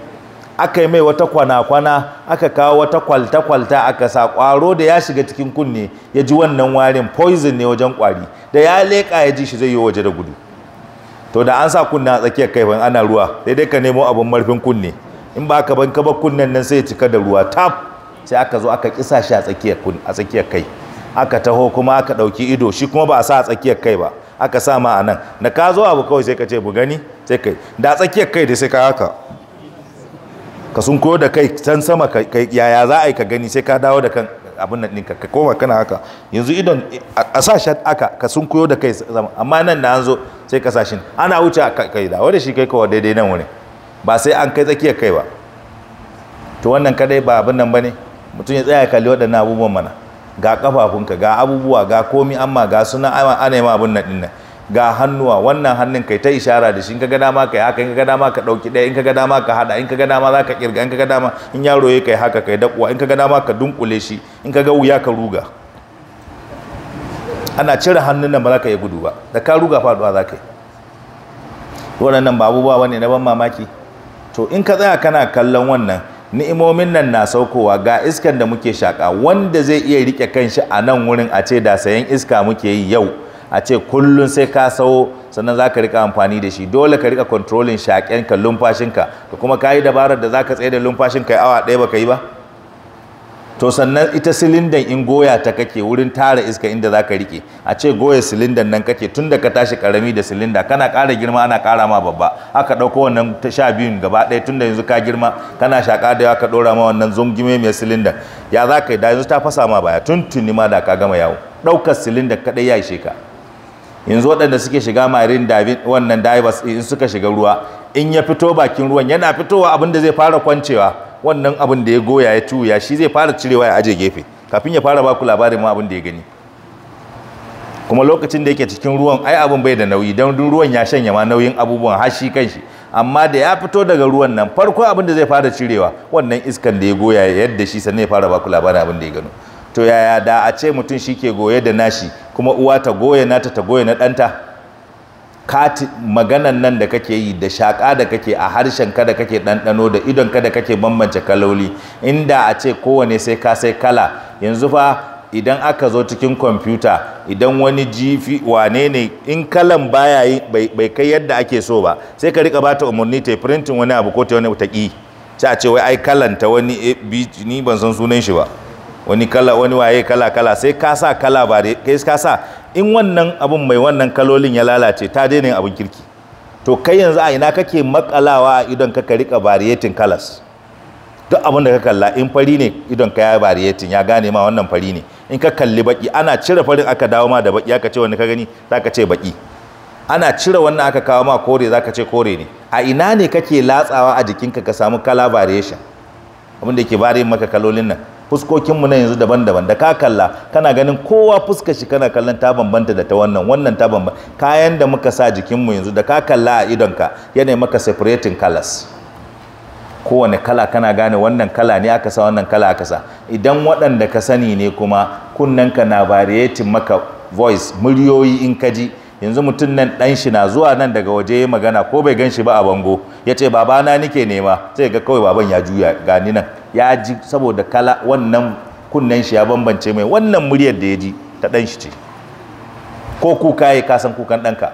aka yi mai wata kwana-kwana aka kawo wata kwalta-kwalta aka sa kwaro da ya shiga cikin kunne ya ji wannan warin poison ne wajen kwari da ya leƙa ya ji shi zai yi waje da gudu to da an sa kunna a tsakiyar kai ana ruwa sai dai ka nemo abin marfin kunne in ba ka ban ba kunnen nan sai ya cika da ruwa tap sai aka zo aka kisa shi a tsakiyar kun a tsakiyar kai aka taho kuma aka ɗauki ido shi kuma ba a sa a tsakiyar kai ba aka sa ma a nan da ka zo abu kawai sai ka ce bu gani sai kai da tsakiyar kai da sai ka haka ka sun koyo da kai can sama yaya za a yi ka gani sai ka dawo da kan abin nan ka koma kana haka yanzu idon a sa shi aka ka sun koyo da kai zama amma nan da an zo sai ka sa ana wuce kai dawo da shi kai kawai daidai nan wani ba sai an kai tsakiyar kai ba to wannan kadai ba abin nan ba ne mutum ya tsaya kalli waɗannan abubuwan mana ga kafafunka ga abubuwa ga komi amma ga suna ana yi ma abin nan ɗin nan ga hannuwa wannan hannun kai ta ishara da shi in ka ga dama kai haka in ka ga dama ka dauki ɗaya in ka ga dama ka hada in ka ga dama za ka kirga in ka ga dama in yaro ya kai haka kai dakuwa in ka ga dama ka dunkule shi in ka ga wuya ka ruga ana cire hannun nan ba za ka yi gudu ba da ka ruga faɗuwa za ka yi waɗannan ba abubuwa ne na ban mamaki to in ka tsaya kana kallon wannan ni'imomin nan na saukowa ga iskan da muke shaka wanda zai iya rike kanshi a nan wurin a ce da sayan iska muke yi yau a ce kullum sai ka sau sannan za ka rika amfani da shi dole ka rika kontrolin shaƙenka lumfashinka da kuma ka yi dabarar da za ka tsaye da lumfashinka ya awa ɗaya ba ka yi ba to sannan ita silindan in goya ta kake wurin tara iska inda za ka rike a ce goya silindan nan kake tun da ka tashi karami da silinda kana ƙara girma ana ƙara ma babba aka ɗauko wannan ta sha biyun gaba ɗaya tun da yanzu ka girma kana shaƙa da yawa ka ɗora ma wannan zungume mai silindan ya za ka yi da yanzu ta fasa ma baya tun tuni ma da ka gama yawo ɗaukar silindan kaɗai ya ishe ka yanzu waɗanda suke shiga marin wannan divers in suka shiga ruwa in ya fito bakin ruwan yana fitowa abin da zai fara kwancewa wannan abin da ya goya ya tuya shi zai fara cirewa ya aje gefe kafin ya fara baku labarin ma abin da ya gani kuma lokacin da yake cikin ruwan ai abin bai da nauyi don ruwan ya shanya ma nauyin abubuwan har shi kanshi amma da ya fito daga ruwan nan farko abin da zai fara cirewa wannan iskan da ya goya yadda shi sannan ya fara baku labarin abin da ya gano to yaya da a ce mutum shi ke goye da nashi kuma uwa ta goye nata ta goye na ɗanta kati maganan nan da kake yi da shaƙa da kake a harshen ka da kake ɗanɗano da idon ka da kake bambance kaloli inda a ce kowane sai ka sai kala yanzu fa idan aka zo cikin kwamfuta idan wani jifi wane ne in kalan baya yi bai kai yadda ake so ba sai ka rika bata umarni ta firintin wani abu ko ta wani ta a ce wai ai kalanta wani ni ban san sunan shi ba wani kala wani waye kala kala sai ka sa kala ba kai ka sa in wannan abun mai wannan kalolin ya lalace ta daina abun kirki to kai yanzu a ina kake makalawa a idon ka ka rika variating colors duk abin da ka kalla in fari ne idon ka ya variating ya gane ma wannan fari ne in ka kalli baki ana cire farin aka dawo ma da baki aka ce wani ka gani zaka ce baki ana cire wannan aka kawo ma kore zaka ce kore ne a ina ne kake latsawa a jikinka ka samu kala variation abin da yake bare maka kalolin nan fuskokinmu na yanzu daban-daban da ka kalla kana ganin kowa fuskar shi kana kallon ta bambanta da ta wannan wannan ta bambanta kayan da muka sa jikinmu yanzu da ka kalla a idonka yanayi maka separating colors kowane kala kana gane wannan kala ne aka sa wannan kala aka sa idan waɗanda ka sani ne kuma kunnenka na variating maka voice muryoyi in ka ji yanzu mutum nan ɗan shi na zuwa nan daga waje ya magana ko bai gan shi ba a bango ya ce babana nike nema sai ga kawai baban ya juya gani nan ya ji saboda kala wannan kunnen shi ya bambance mai wannan muryar da ya ji ta ɗan shi ce ko kuka ya kasan kukan ɗanka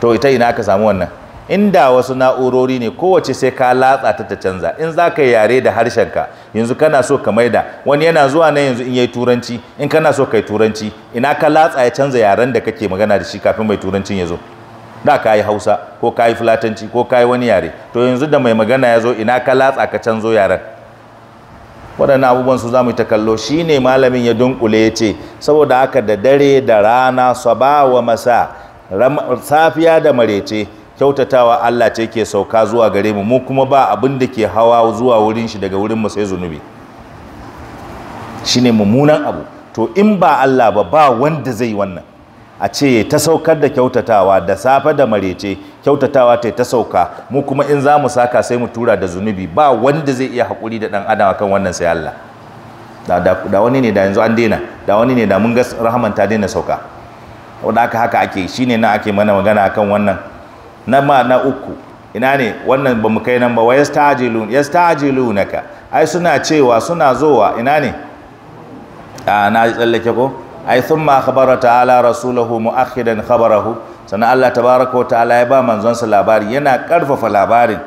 to ita ina aka samu wannan inda wasu na'urori ne kowace sai ka latsa ta ta canza in za ka yare da harshenka yanzu kana so ka maida wani yana zuwa na yanzu in yayi turanci in kana so ka yi turanci ina ka latsa ya canza yaren da kake magana da shi kafin mai turancin ya zo da ka yi hausa ko ka yi fulatanci ko ka yi wani yare to yanzu da mai magana ya zo ina ka latsa ka canzo yaren waɗannan abubuwan su za mu ta kallo shi ne malamin ya dunkule ya ce saboda haka da dare da rana sabawa masa safiya da marece kyautatawa Allah ce ke sauka zuwa gare mu mu kuma ba abin da ke hawa zuwa wurin shi daga wurin mu sai zunubi shine mummunan abu to in ba Allah ba ba wanda zai wannan a ce ta saukar da kyautatawa da safe da marece kyautatawa ta ta sauka mu kuma in za mu saka sai mu tura da zunubi ba wanda zai iya haƙuri da ɗan adam akan wannan sai Allah da wani ne da yanzu an daina da wani ne da mun ga rahamanta ta daina sauka wanda aka haka ake shine na ake mana magana akan wannan na ma na uku ina ne wannan ba mu kai nan ba wa yastajilun yastajilunaka ai suna cewa suna zowa ina ne a na tsallake ko ai thumma khabara ta'ala rasulahu mu'akhidan khabarahu sannan Allah tabaraka wa ta'ala ya ba manzon sa labari yana karfafa labarin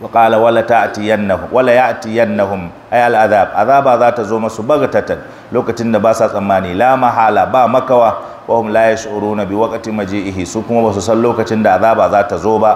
وقال ولا تأتينهم ولا يأتينهم أي العذاب عذاب ذات زوم سبغتة لوكتين باسا تماني لا محالة با مكوا وهم لا يشعرون بوقت مجيئه سكما وسسل لوكتين عذاب ذات زوبا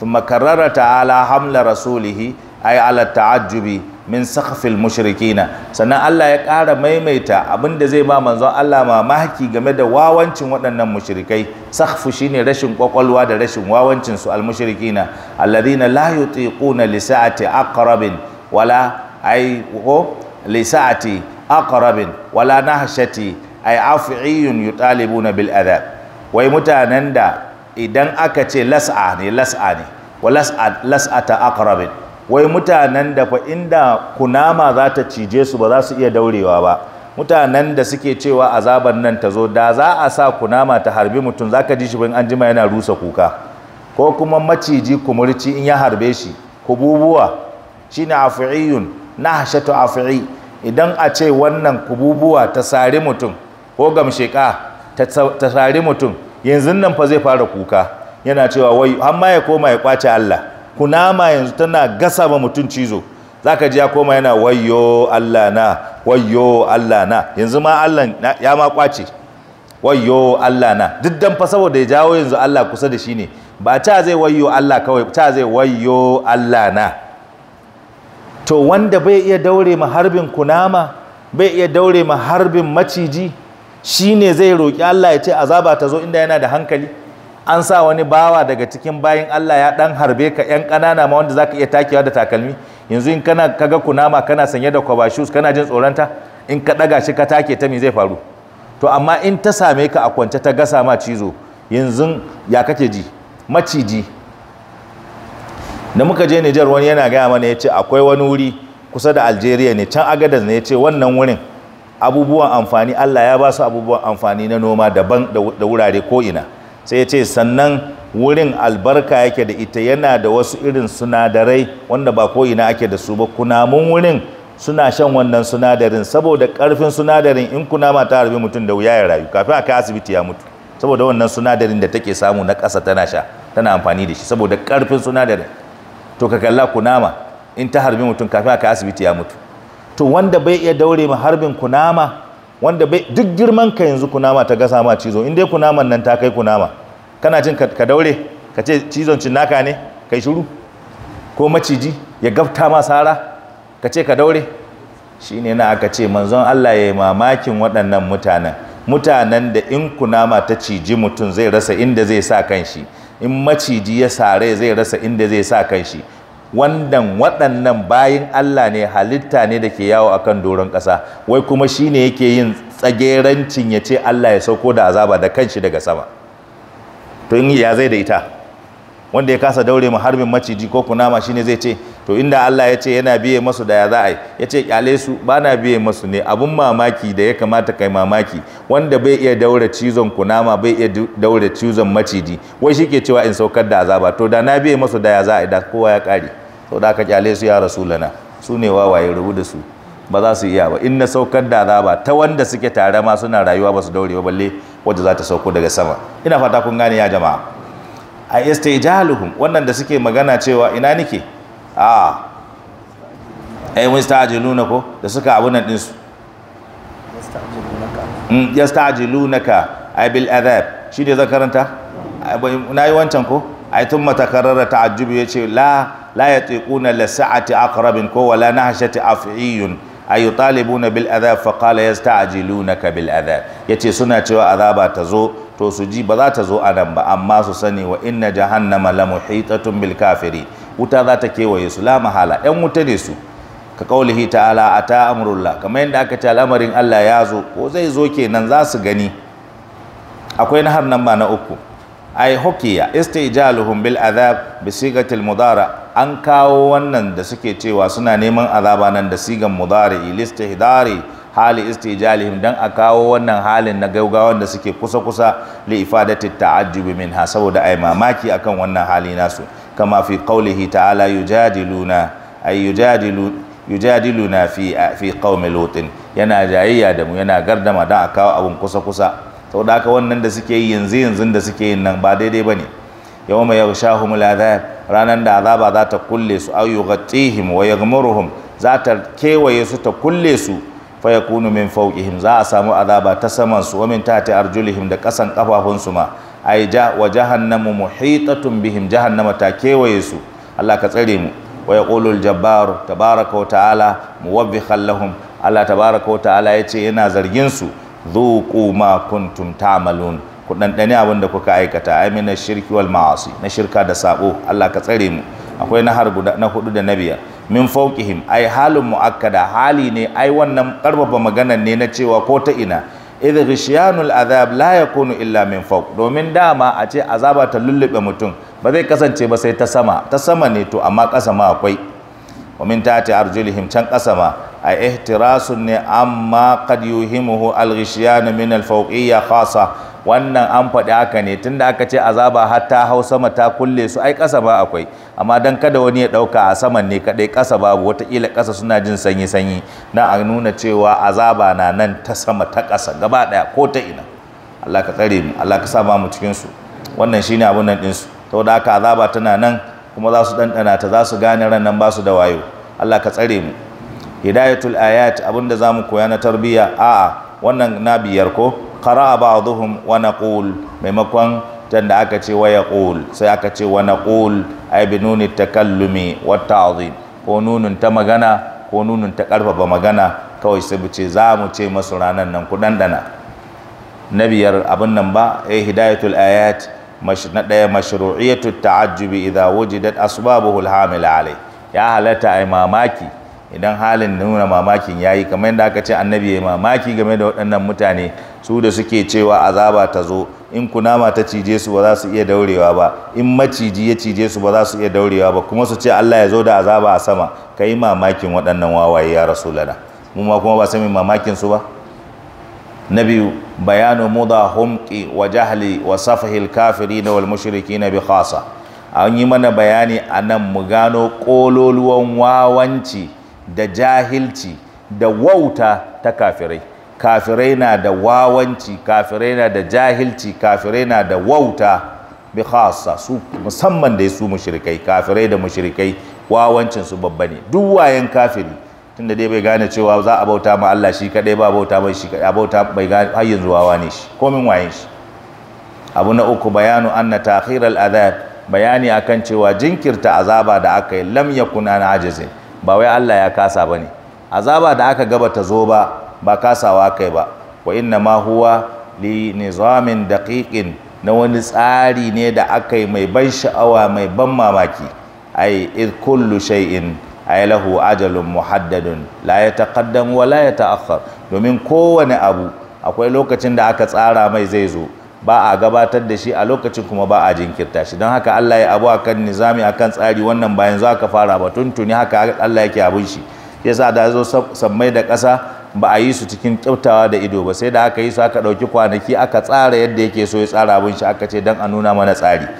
ثم كرر تعالى حمل رسوله أي على التعجب min sakhafil mushrikina sannan Allah ya ƙara maimaita abin da zai ba manzon Allah mamaki game da wawancin waɗannan mushrikai sakhfu shine rashin ƙwaƙwalwa da rashin wawancin su almushrikina alladhina la yutiquna li sa'ati aqrabin wala ay ko li sa'ati aqrabin wala nahshati ay af'iyun yutalibuna bil adab wai mutanen da idan aka ce las'a ne las'a ne wa las'ata aqrabin wai mutanen da fa inda kunama za ta cije su ba za su iya daurewa ba mutanen da suke cewa azaban nan ta zo da za a sa kunama ta harbi mutum za ka ji shi bin an jima yana rusa kuka ko kuma maciji kumurci in ya harbe shi kububuwa Shi na afi'iyun hashatu afi'i idan a ce wannan kububuwa ta sari mutum ko gamsheka ta sari mutum yanzu nan fa zai fara kuka yana cewa wai "Amma ya koma ya kwace Allah kunama yanzu tana gasa ma mutum cizo Za ka ji ya koma yana wayyo Allah na wayyo Allah na yanzu ma Allah ya ma kwace wayyo Allah na duk dan fa saboda ya jawo yanzu Allah kusa da shi ne ba ta zai wayyo Allah kawai ta zai wayyo Allah na to wanda bai iya daure ma harbin kunama bai iya daure ma harbin maciji shine zai roki Allah ya ce azaba ta zo inda yana da hankali an sa wani bawa daga cikin bayan Allah ya dan harbe ka yan kanana ma wanda zaka iya takewa da takalmi yanzu in kana kaga kunama kana sanye da kwaba shoes kana jin tsoronta in ka daga shi ka take ta me zai faru to amma in ta same ka a kwance ta gasa ma cizo yanzu ya kake ji maciji da muka je Nijar wani yana gaya mana ya ce akwai wani wuri kusa da Algeria ne can Agadez ne ya ce wannan wurin abubuwan amfani Allah ya ba su abubuwan amfani na noma daban da wurare ko ina sai ya ce sannan wurin albarka yake da ita yana da wasu irin sunadarai wanda ba ko'ina ake da su ba kunamun wurin suna shan wannan sunadarin saboda karfin sunadarin in kunama ta harbi mutum da wuya ya rayu kafin a kai asibiti ya mutu saboda wannan sunadarin da take samu na ƙasa tana sha tana amfani da shi saboda karfin sunadarin to ka kalla kunama in ta harbi mutum kafin a kai asibiti ya mutu to wanda bai iya daure ma harbin kunama wanda bai duk girman ka yanzu kunama ta gasa ma cizo in dai kunaman nan ta kai kunama kana cin ka daure ka ce cizon cin naka ne kai shiru ko maciji ya gafta ma sara ka ce ka daure Shi ne na aka ce manzon Allah ya yi mamakin waɗannan mutanen mutanen da in kunama ta ciji mutum zai rasa inda zai sa kanshi in maciji ya sare zai rasa inda zai sa kanshi wannan waɗannan bayan Allah ne halitta ne da ke yawo akan doron ƙasa wai kuma shi ne yake yin tsagerancin ya ce Allah ya sauko da azaba da kanshi daga sama to in ya zai da ita wanda ya kasa daure mu harbin maciji ko kunama shi ne zai ce to inda Allah ya ce yana biye masu da ya za a yi ya ce kyale su ba na biye masu ne abin mamaki da ya kamata kai mamaki wanda bai iya daure cizon kunama bai iya daure cizon maciji wai shi ke cewa in saukar da azaba to da na biye masu da ya za a yi da kowa ya ƙare sau da aka kyale su ya rasulana su ne wawaye rubu da su ba za su iya ba in na saukar da ba ta wanda suke tare ma suna rayuwa ba su daure ba balle wadda za ta sauko daga sama ina fata kun gane ya jama'a a istijaluhum wannan da suke magana cewa ina nike a ai luna ko da suka abu nan din su ka ai bil adab shi ne zakaranta na yi wancan ko ai tun ta ta'ajjubi ya ce la la yatiquna la sa'ati aqrabin na wala nahshati af'iyun ay na bil adhab fa qala ka bil Ya yace suna cewa azaba ta zo to su ji ba za ta zo a nan ba amma su sani wa na jahannama la muhitatun bil kafiri wuta za ta kewaye su la mahala yan wuta ne su ka Ala, a ta amrullah kamar yadda aka ce al'amarin Allah ya zo ko zai zo kenan za su gani akwai nahar nan ba na uku ai hukiya istijaluhum bil azab bi sigatil mudara an kawo wannan da suke cewa suna neman azaba nan da sigan mudari listihdari hali istijalihim dan a kawo wannan halin na gaugawan da suke kusa kusa li ifadati ta'ajjub minha saboda ai mamaki akan wannan hali nasu kama fi qawlihi ta'ala yujadiluna ay yujadilu yujadiluna fi fi qaumi lutin yana jayayya da mu yana gardama dan a kawo abun kusa kusa da haka wannan da suke yi yanzu yanzu da suke yin nan ba daidai ba ne bane yawma yaghshahumul adhab ranar da azaba za ta kulle su ga tihim wa yaghmuruhum za ta kewaye su ta kulle su fa kunu min fauƙihim za a samu azaba ta saman su wa min ta arjulihim da kasan ƙafafunsu ma ai ja wa jahannamu muhitatun bihim jahannama ta kewaye su Allah ka tsare mu wa yaqulu al-jabbar tabaraka wa ta'ala lahum Allah tabaraka wa ta'ala ce yana zargin su dhuqu ma kuntum ta'malun ku dandane abin da kuka aikata ai mina shirki wal ma'asi na shirka da sabo Allah ka tsare mu akwai na harbu na hudu da na biyar min fawqihim ai halun muakkada hali ne ai wannan karfafa maganan ne na cewa ko ta ina idh ghishyanul azab la yakunu illa min fawq domin dama a ce azaba ta lullube mutum ba zai kasance ba sai ta sama ta sama ne to amma kasa ma akwai wa min tati arjulihim can kasa ma a ihtirasun ne amma qad yuhimuhu al-ghishyan min al-fawqiyya wannan an faɗi haka ne tunda aka ce azaba ta hau sama ta kulle su ai ƙasa ba akwai amma dan kada wani ya ɗauka a saman ne kaɗai ƙasa babu wataƙila ƙasa suna jin sanyi-sanyi na a nuna cewa azaba na nan ta sama ta ƙasa gaba ɗaya ko ta ina Allah ka tsare mu Allah ka sama mu cikin su wannan shine abun nan ɗinsu saboda haka azaba tana nan kuma za su ɗanɗana ta za su gane ran nan ba su da wayo Allah ka tsare mu hidayatul ayat abinda zamu koya na tarbiyya a'a wannan na biyar ko kara qara'a ba'dhum wa naqul maimakon tanda aka ce waya yaqul sai aka ce wa naqul ay bi nuni takallumi wa ta'dhim ko nunin ta magana ko nunin ta karfafa magana kawai sai mu ce za mu ce masu ranar nan ku dandana na biyar abin nan ba e hidayatul ayat na ɗaya mashru'iyatul ta'ajjubi idza wujidat asbabuhu al-hamil alai ya halatta ai mamaki idan halin nuna mamakin ya yi kamar yadda aka ce annabi ya yi mamaki game da waɗannan mutane su da suke cewa azaba ta zo in kunama ta cije su ba za su iya daurewa ba in maciji ya cije su ba za su iya daurewa ba kuma su ce Allah ya zo da azaba a sama ka yi mamakin waɗannan wawaye ya rasulana mu ma kuma ba sami mamakin su ba na biyu bayanu muda humki wa jahli wa safahil kafiri na wal mushriki na bi khasa an yi mana bayani a nan mu gano ƙololuwan wawanci da jahilci da wauta ta kafirai kafirai na da wawanci kafirai na da jahilci kafirai na da wauta bi khasa su musamman da su mushrikai kafirai da mushrikai wawancin su babba ne duk wayan kafiri tunda dai bai gane cewa za a bauta ma Allah shi kadai ba bauta mai shi kadai bauta bai gane har yanzu wawa ne shi komin wayen shi abu na uku bayanu anna ta'khir al-adhab bayani akan cewa jinkirta azaba da aka yi lam yakuna na ajizin ba wai Allah ya kasa ba ne. azaba da aka gaba ta zo ba ba kasawa kai ba wa inna ma huwa li nizamin daqiqin na wani tsari ne da aka yi mai ban sha'awa mai ban mamaki ai id kullu shay'in ai lahu ajalun muhaddadun la yataqaddam wa la yata'akhkhar domin kowane abu akwai lokacin da aka tsara mai zai zo ba a gabatar da shi a lokacin kuma ba a jinkirta shi don haka Allah ya abu akan nizami akan tsari wannan bayan za ka fara ba tuntuni haka Allah yake abun shi ya sa da zo sammai da ƙasa ba a yi su cikin kyautawa da ido ba sai da aka yi su aka ɗauki kwanaki aka tsara yadda yake so ya tsara abun shi aka ce don a nuna mana tsari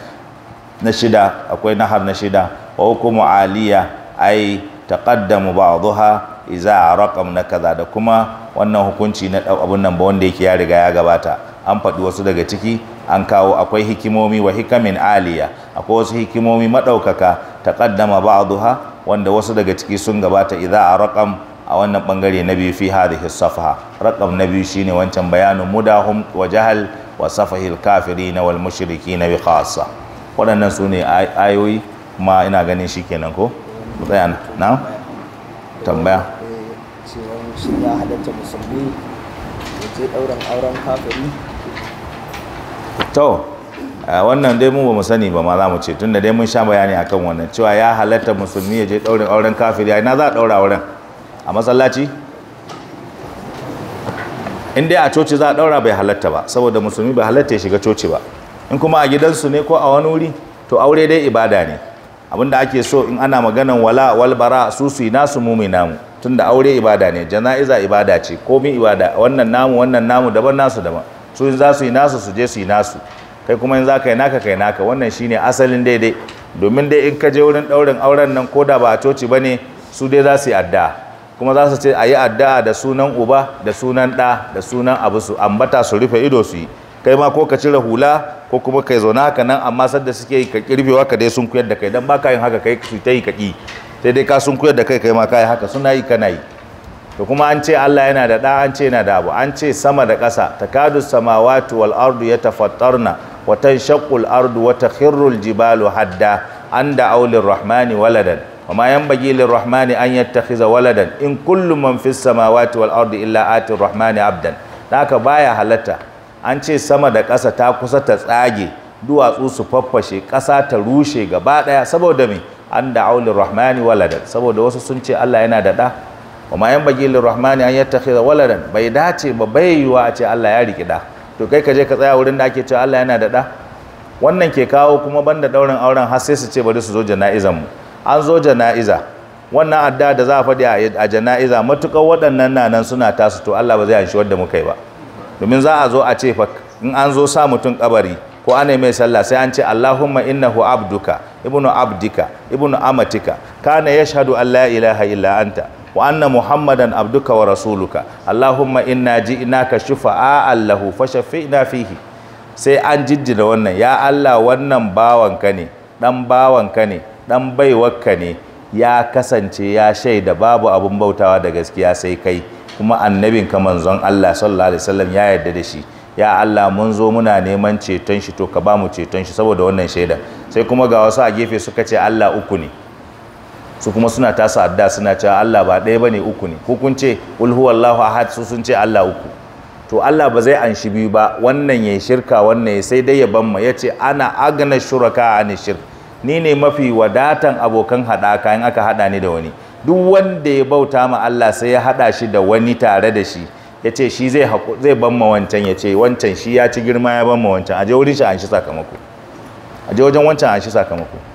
na shida akwai nahar na shida wa hukumu aliya ai taqaddamu zuha iza raqam na kaza da kuma wannan hukunci na abun nan ba wanda yake ya riga ya gabata an faɗi wasu daga ciki an kawo akwai hikimomi wa hikamin aliya akwai wasu hikimomi maɗaukaka ta ba ba'daha wanda wasu daga ciki sun gabata idza a raƙam a wannan ɓangare na biyu fi da safaha raƙam na biyu shine wancan bayanin mudahum wa jahal wa safahil na wal na bi khassa waɗannan su ne ayoyi kuma ina ganin shi kenan ko tsaya na tambaya eh, cewa musulmi ya je auren kafiri to wannan dai mu ba mu sani ba ma za mu ce tunda dai mun sha bayani akan wannan cewa ya halatta musulmi ya je ɗaurin auren kafiri ya na za a ɗaura auren a masallaci in dai a coci za a ɗaura bai halatta ba saboda musulmi bai halatta ya shiga coci ba in kuma a gidansu ne ko a wani wuri to aure dai ibada ne abinda ake so in ana maganan wala walbara su su nasu mumi namu tunda aure ibada ne jana'iza ibada ce komi ibada wannan namu wannan namu daban nasu daban su za su yi nasu su je su yi nasu kai kuma in za ka yi naka kai naka wannan shine asalin daidai domin dai in ka je wurin ɗaurin auren nan ko da ba a coci ba ne su dai za su yi addu'a kuma za su ce a yi addu'a da sunan uba da sunan ɗa da sunan abu su ambata su rufe ido su yi kai ma ko ka cire hula ko kuma kai zauna haka nan amma sadda suke yi ka kirfewa ka dai sun kuyar da kai dan ka yin haka kai su ta yi ka dai ka sun kuyar da kai kai ma kai haka suna yi kana yi da kuma an ce Allah yana da ɗa an ce yana da abu an ce sama da ƙasa takadu samawati wal ardu yatafattarna wa watan shakul ardu wata takhirru jibalu hadda an da aulir rahmani waladan wa ma yanbaghi lir rahmani an yattakhiza waladan in kullum man sama samawati wal ardu illa atin rahmani abdan haka baya halatta an ce sama da ƙasa ta kusa ta tsage duwatsu su faffashe ƙasa ta rushe gaba ɗaya saboda me an da aulir rahmani waladan saboda wasu sun ce Allah yana da ɗa wa ma yan bagilin rahmani an yattakhidha waladan bai dace ba bai yiwa a ce Allah ya riki da to kai ka je ka tsaya wurin da ake cewa Allah yana da da wannan ke kawo kuma banda daurin auren har sai su ce bari su zo jana'izan mu an zo jana'iza wannan adda da za a faɗi a jana'iza matukar waɗannan nanan suna tasu to Allah ba zai hanshi wanda muka yi ba domin za a zo a ce fa in an zo sa mutum kabari ko ana mai sallah sai an ce Allahumma innahu abduka ibnu abdika ibnu amatika kana yashhadu an la ilaha illa anta wa anna muhammadan abduka wa rasuluka allahumma inna ji'naka shufa'a allahu fashafina fihi sai an jiddida wannan ya Allah wannan bawanka ne dan bawanka ne dan baiwarka ne ya kasance ya shaida babu abun bautawa da gaskiya sai kai kuma annabin ka manzon Allah sallallahu alaihi wasallam ya yarda da shi ya Allah mun zo muna neman ceton shi to ka ba mu ceton shi saboda wannan shaida sai kuma ga wasu a gefe suka ce Allah uku ne su kuma suna tasa adda suna cewa Allah ba ɗaya bane uku ne ko kun ce ahad su sun ce Allah uku to Allah ba zai anshi biyu ba wannan ya shirka wannan ya sai dai ya bamma yace ana agna shuraka ani shirk ni ne mafi wadatan abokan haɗaka in aka hada ni da wani duk wanda ya bauta ma Allah sai ya hada shi da wani tare da shi yace shi zai zai bamma wancan yace wancan shi ya ci girma ya bamma wancan aje wurin shi an sakamako a wajen wancan an sakamako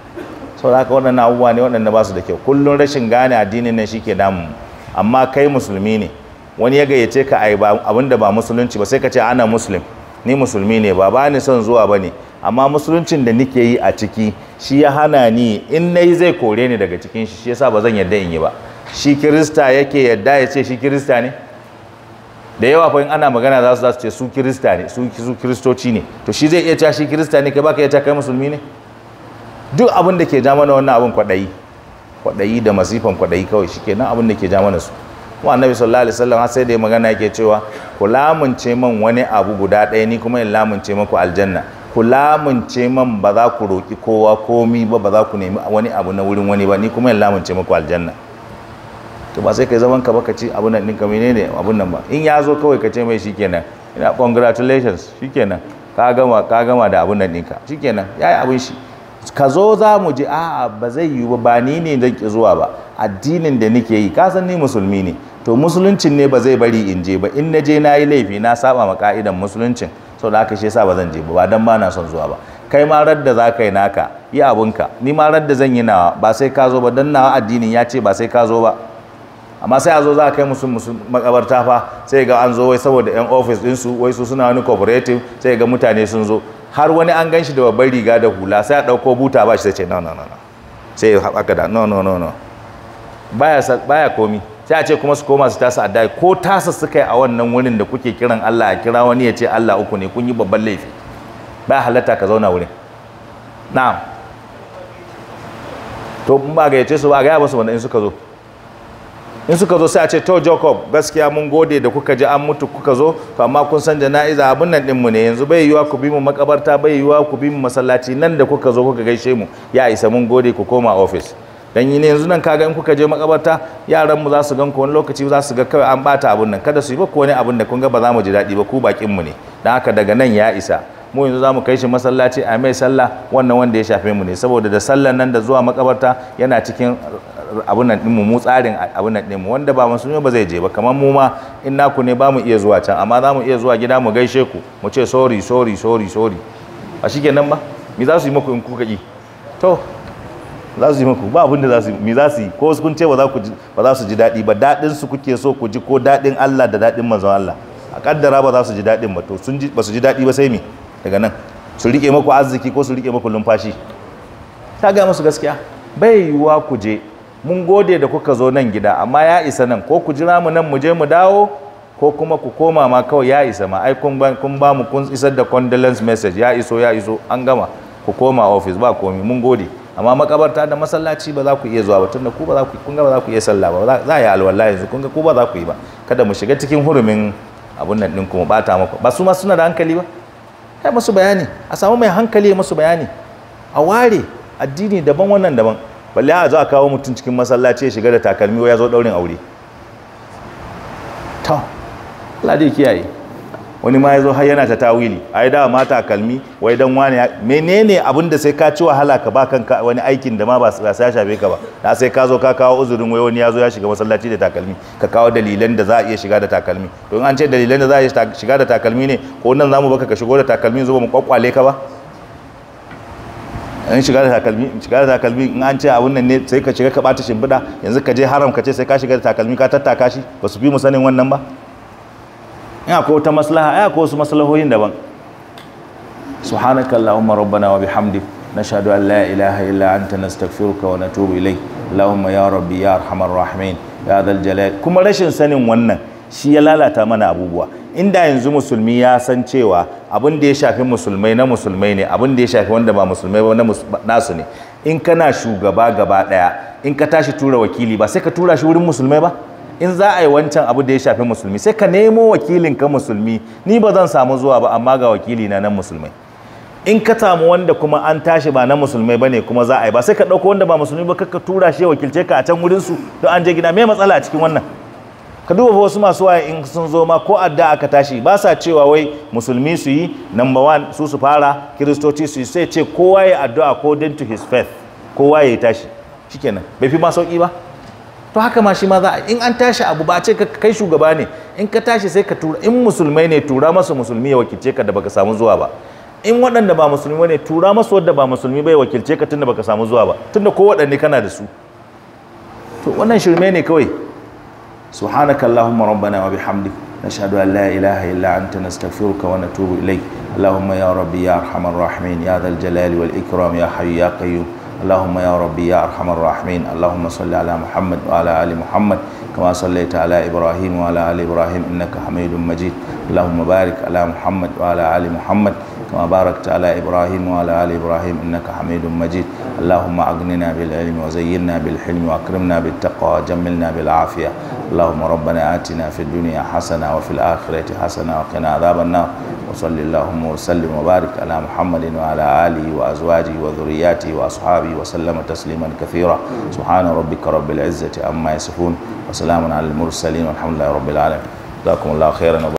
sau da haka waɗannan abubuwa ne waɗanda ba su da kyau kullum rashin gane addinin nan shi ke damu amma kai musulmi ne wani ya gayyace ka ai abin da ba musulunci ba sai ka ce ana musulun ni musulmi ne ba ba ni son zuwa ba ne amma musuluncin da nike yi a ciki shi ya hana ni in na yi zai kore ni daga cikin shi shi yasa ba zan yadda in yi ba shi kirista yake yadda ya ce shi kirista ne da yawa fa in ana magana za su za su ce su kirista ne su kiristoci ne to shi zai iya cewa shi kirista ne kai baka iya cewa kai musulmi ne duk abin da ke ja mana wannan abin kwaɗayi kwaɗayi da masifan kwaɗayi kawai shi kenan abin da ke ja mana su kuma annabi sallallahu alaihi wasallam sai da ya magana yake cewa ku lamunce man wani abu guda ɗaya ni kuma in lamunce maku aljanna ku lamunce man ba za ku roki kowa komi ba ba za ku nemi wani abu na wurin wani ba ni kuma in lamunce maku aljanna to ba sai kai zaman ka ba ka ci abun nan ɗinka menene abun nan ba in ya zo kawai ka ce mai shikenan ina congratulations shikenan ka gama ka gama da abun nan ɗinka shikenan yayi abun shi ka zo za mu ji a'a ba zai yiwu ba ni ne da ki zuwa ba addinin da nike yi kasan ni musulmi ne to musuluncin ne ba zai bari in je ba in na je na yi laifi na saba ma ka'idan musuluncin sau da aka shi sa ba zan je ba ba don ba na son zuwa ba kai ma radda za ka yi naka yi abunka ni ma radda zan yi nawa ba sai ka zo ba don nawa addinin ya ce ba sai ka zo ba amma sai a zo za a kai musu makabarta fa sai ga an zo wai saboda yan ofis ɗinsu wai su suna wani cooperative sai ga mutane sun zo har wani an gan shi da babbar riga da hula sai a ɗauko buta ba shi sai ce no no no sai ya haɓaka da no no no no baya komi sai a ce kuma su koma su tasa addai ko tasa suka yi a wannan wurin da kuke kiran Allah a kira wani ya ce Allah uku ne kun yi babban laifi ba halatta ka zauna wurin na'am to ba ga yace su ba ga ya su wanda in suka zo in suka zo sai a ce to Jacob gaskiya mun gode da kuka ji an mutu kuka zo to amma kun san jana'iza abin nan din mu ne yanzu bai yiwa ku bi mu makabarta bai yiwa ku bi mu masallaci nan da kuka zo kuka gaishe mu ya isa mun gode ku koma office dan yi ne yanzu nan kaga in kuka je makabarta yaran mu za su gan ku wani lokaci za su ga kawai an bata abun nan kada su yi ba ku wani abun da kun ga ba za mu ji daɗi ba ku bakin mu ne dan haka daga nan ya isa mu yanzu za mu kai shi masallaci a mai sallah wannan wanda ya shafe mu ne saboda da sallan nan da zuwa makabarta yana cikin abun nan mu tsarin abun nan ɗinmu wanda ba musulmi ba zai je ba kamar mu ma in ku ne ba mu iya zuwa can amma za mu iya zuwa gida mu gaishe ku mu ce sorry sorry sorry sorry a shi kenan ba me za su yi muku in kuka yi to za su yi muku ba abin da za su yi me za su yi ko kun ce ba za su ji daɗi ba daɗin su kuke so ku ji ko daɗin Allah da daɗin manzon Allah a kaddara ba za su ji daɗin ba to sun ji ba su ji daɗi ba sai me daga nan su rike muku arziki ko su rike muku numfashi ta ga musu gaskiya bai yiwuwa ku je mun gode da kuka zo nan gida amma ya isa nan ko ku jira mu nan mu je mu dawo ko kuma ku koma ma kawai ya isa ma ai kun ba kun ba mu kun isar da condolence message ya iso ya iso an gama ku koma office ba komi mun gode amma makabarta da masallaci ba za ku iya zuwa ba tunda ku ba za ku kun ga ba za ku iya sallah ba za ya alwala yanzu kun ga ku ba za ku yi ba kada mu shiga cikin hurumin abun nan din kuma bata muku ba su ma suna da hankali ba kai musu bayani a samu mai hankali musu bayani a ware addini daban wannan daban balle a za a kawo mutum cikin masallaci ya shiga da takalmi ya zo daurin aure ta Ladi kiyaye wani ma ya zo har yana ta tawili yi dawa ma takalmi wai dan wani menene abin da sai ka ci wahala ka ba kanka wani aikin da ma ba su ya shafe ka ba na sai ka zo ka kawo uzurin wai wani ya zo ya shiga masallaci da takalmi ka kawo dalilan da za a iya shiga da takalmi don an ce dalilan da za a iya shiga da takalmi ne ko nan zamu baka ka shigo da takalmi zuba mu kwakwale ka ba in shiga da takalmi in shiga da takalmi in an ce abun nan ne sai ka shiga ka bata shimbida yanzu ka je haram ka ce sai ka shiga da takalmi ka tattaka shi ba su fi mu sanin wannan ba in akwai wata maslaha ai akwai wasu maslahohin daban subhanakallahumma rabbana wa nashhadu an la ilaha illa anta nastaghfiruka wa natubu ilayk allahumma ya rabbi ya arhamar rahimin ya dal jalal kuma rashin sanin wannan. shi ya lalata mana abubuwa inda yanzu musulmi ya san cewa abin da ya shafi musulmai na musulmai ne abin da ya shafi wanda ba musulmai ba nasu ne in kana shugaba gaba daya in ka tashi tura wakili ba sai ka tura shi wurin musulmai ba in za a yi wancan abu da ya shafi musulmi sai ka nemo wakilin ka musulmi ni ba zan samu zuwa ba amma ga wakili na nan musulmai in ka samu wanda kuma an tashi ba na musulmai bane kuma za a yi ba sai ka ɗauko wanda ba musulmi ba ka tura shi wakilce ka a can wurin su To an je gida me matsala a cikin wannan ka duba wasu masu waye in sun zo ma ko adda aka tashi ba sa cewa wai musulmi su yi number one su su fara kiristoci su yi sai ce kowa ya addu'a according to his faith kowa ya tashi shikenan bai fi ma sauki ba to haka ma shi ma za in an tashi abu ba a ce kai shugaba ne in ka tashi sai ka tura in musulmai ne tura masa musulmi ya wakilce ka da baka samu zuwa ba in waɗanda ba musulmi ne tura masu wadda ba musulmi bai wakilce ka tunda baka samu zuwa ba tunda ko waɗanne kana da su to wannan shirme ne kawai سبحانك اللهم ربنا وبحمدك نشهد أن لا إله إلا أنت نستغفرك ونتوب إليك اللهم يا ربي يا أرحم الراحمين يا ذا الجلال والإكرام يا حي يا قيوم اللهم يا ربي يا أرحم الراحمين اللهم صل على محمد وعلى آل محمد كما صليت على إبراهيم وعلى آل إبراهيم إنك حميد مجيد اللهم بارك على محمد وعلى آل محمد كما باركت على إبراهيم وعلى آل إبراهيم إنك حميد مجيد اللهم أغننا بالعلم وزينا بالحلم وأكرمنا بالتقوى وجملنا بالعافية اللهم ربنا آتنا في الدنيا حسنة وفي الآخرة حسنة وقنا عذاب النار وصل اللهم وسلم وبارك على محمد وعلى آله وأزواجه وذرياته وأصحابه وسلم تسليما كثيرا سبحان ربك رب العزة أما يصفون وسلام على المرسلين والحمد لله رب العالمين جزاكم الله خيرا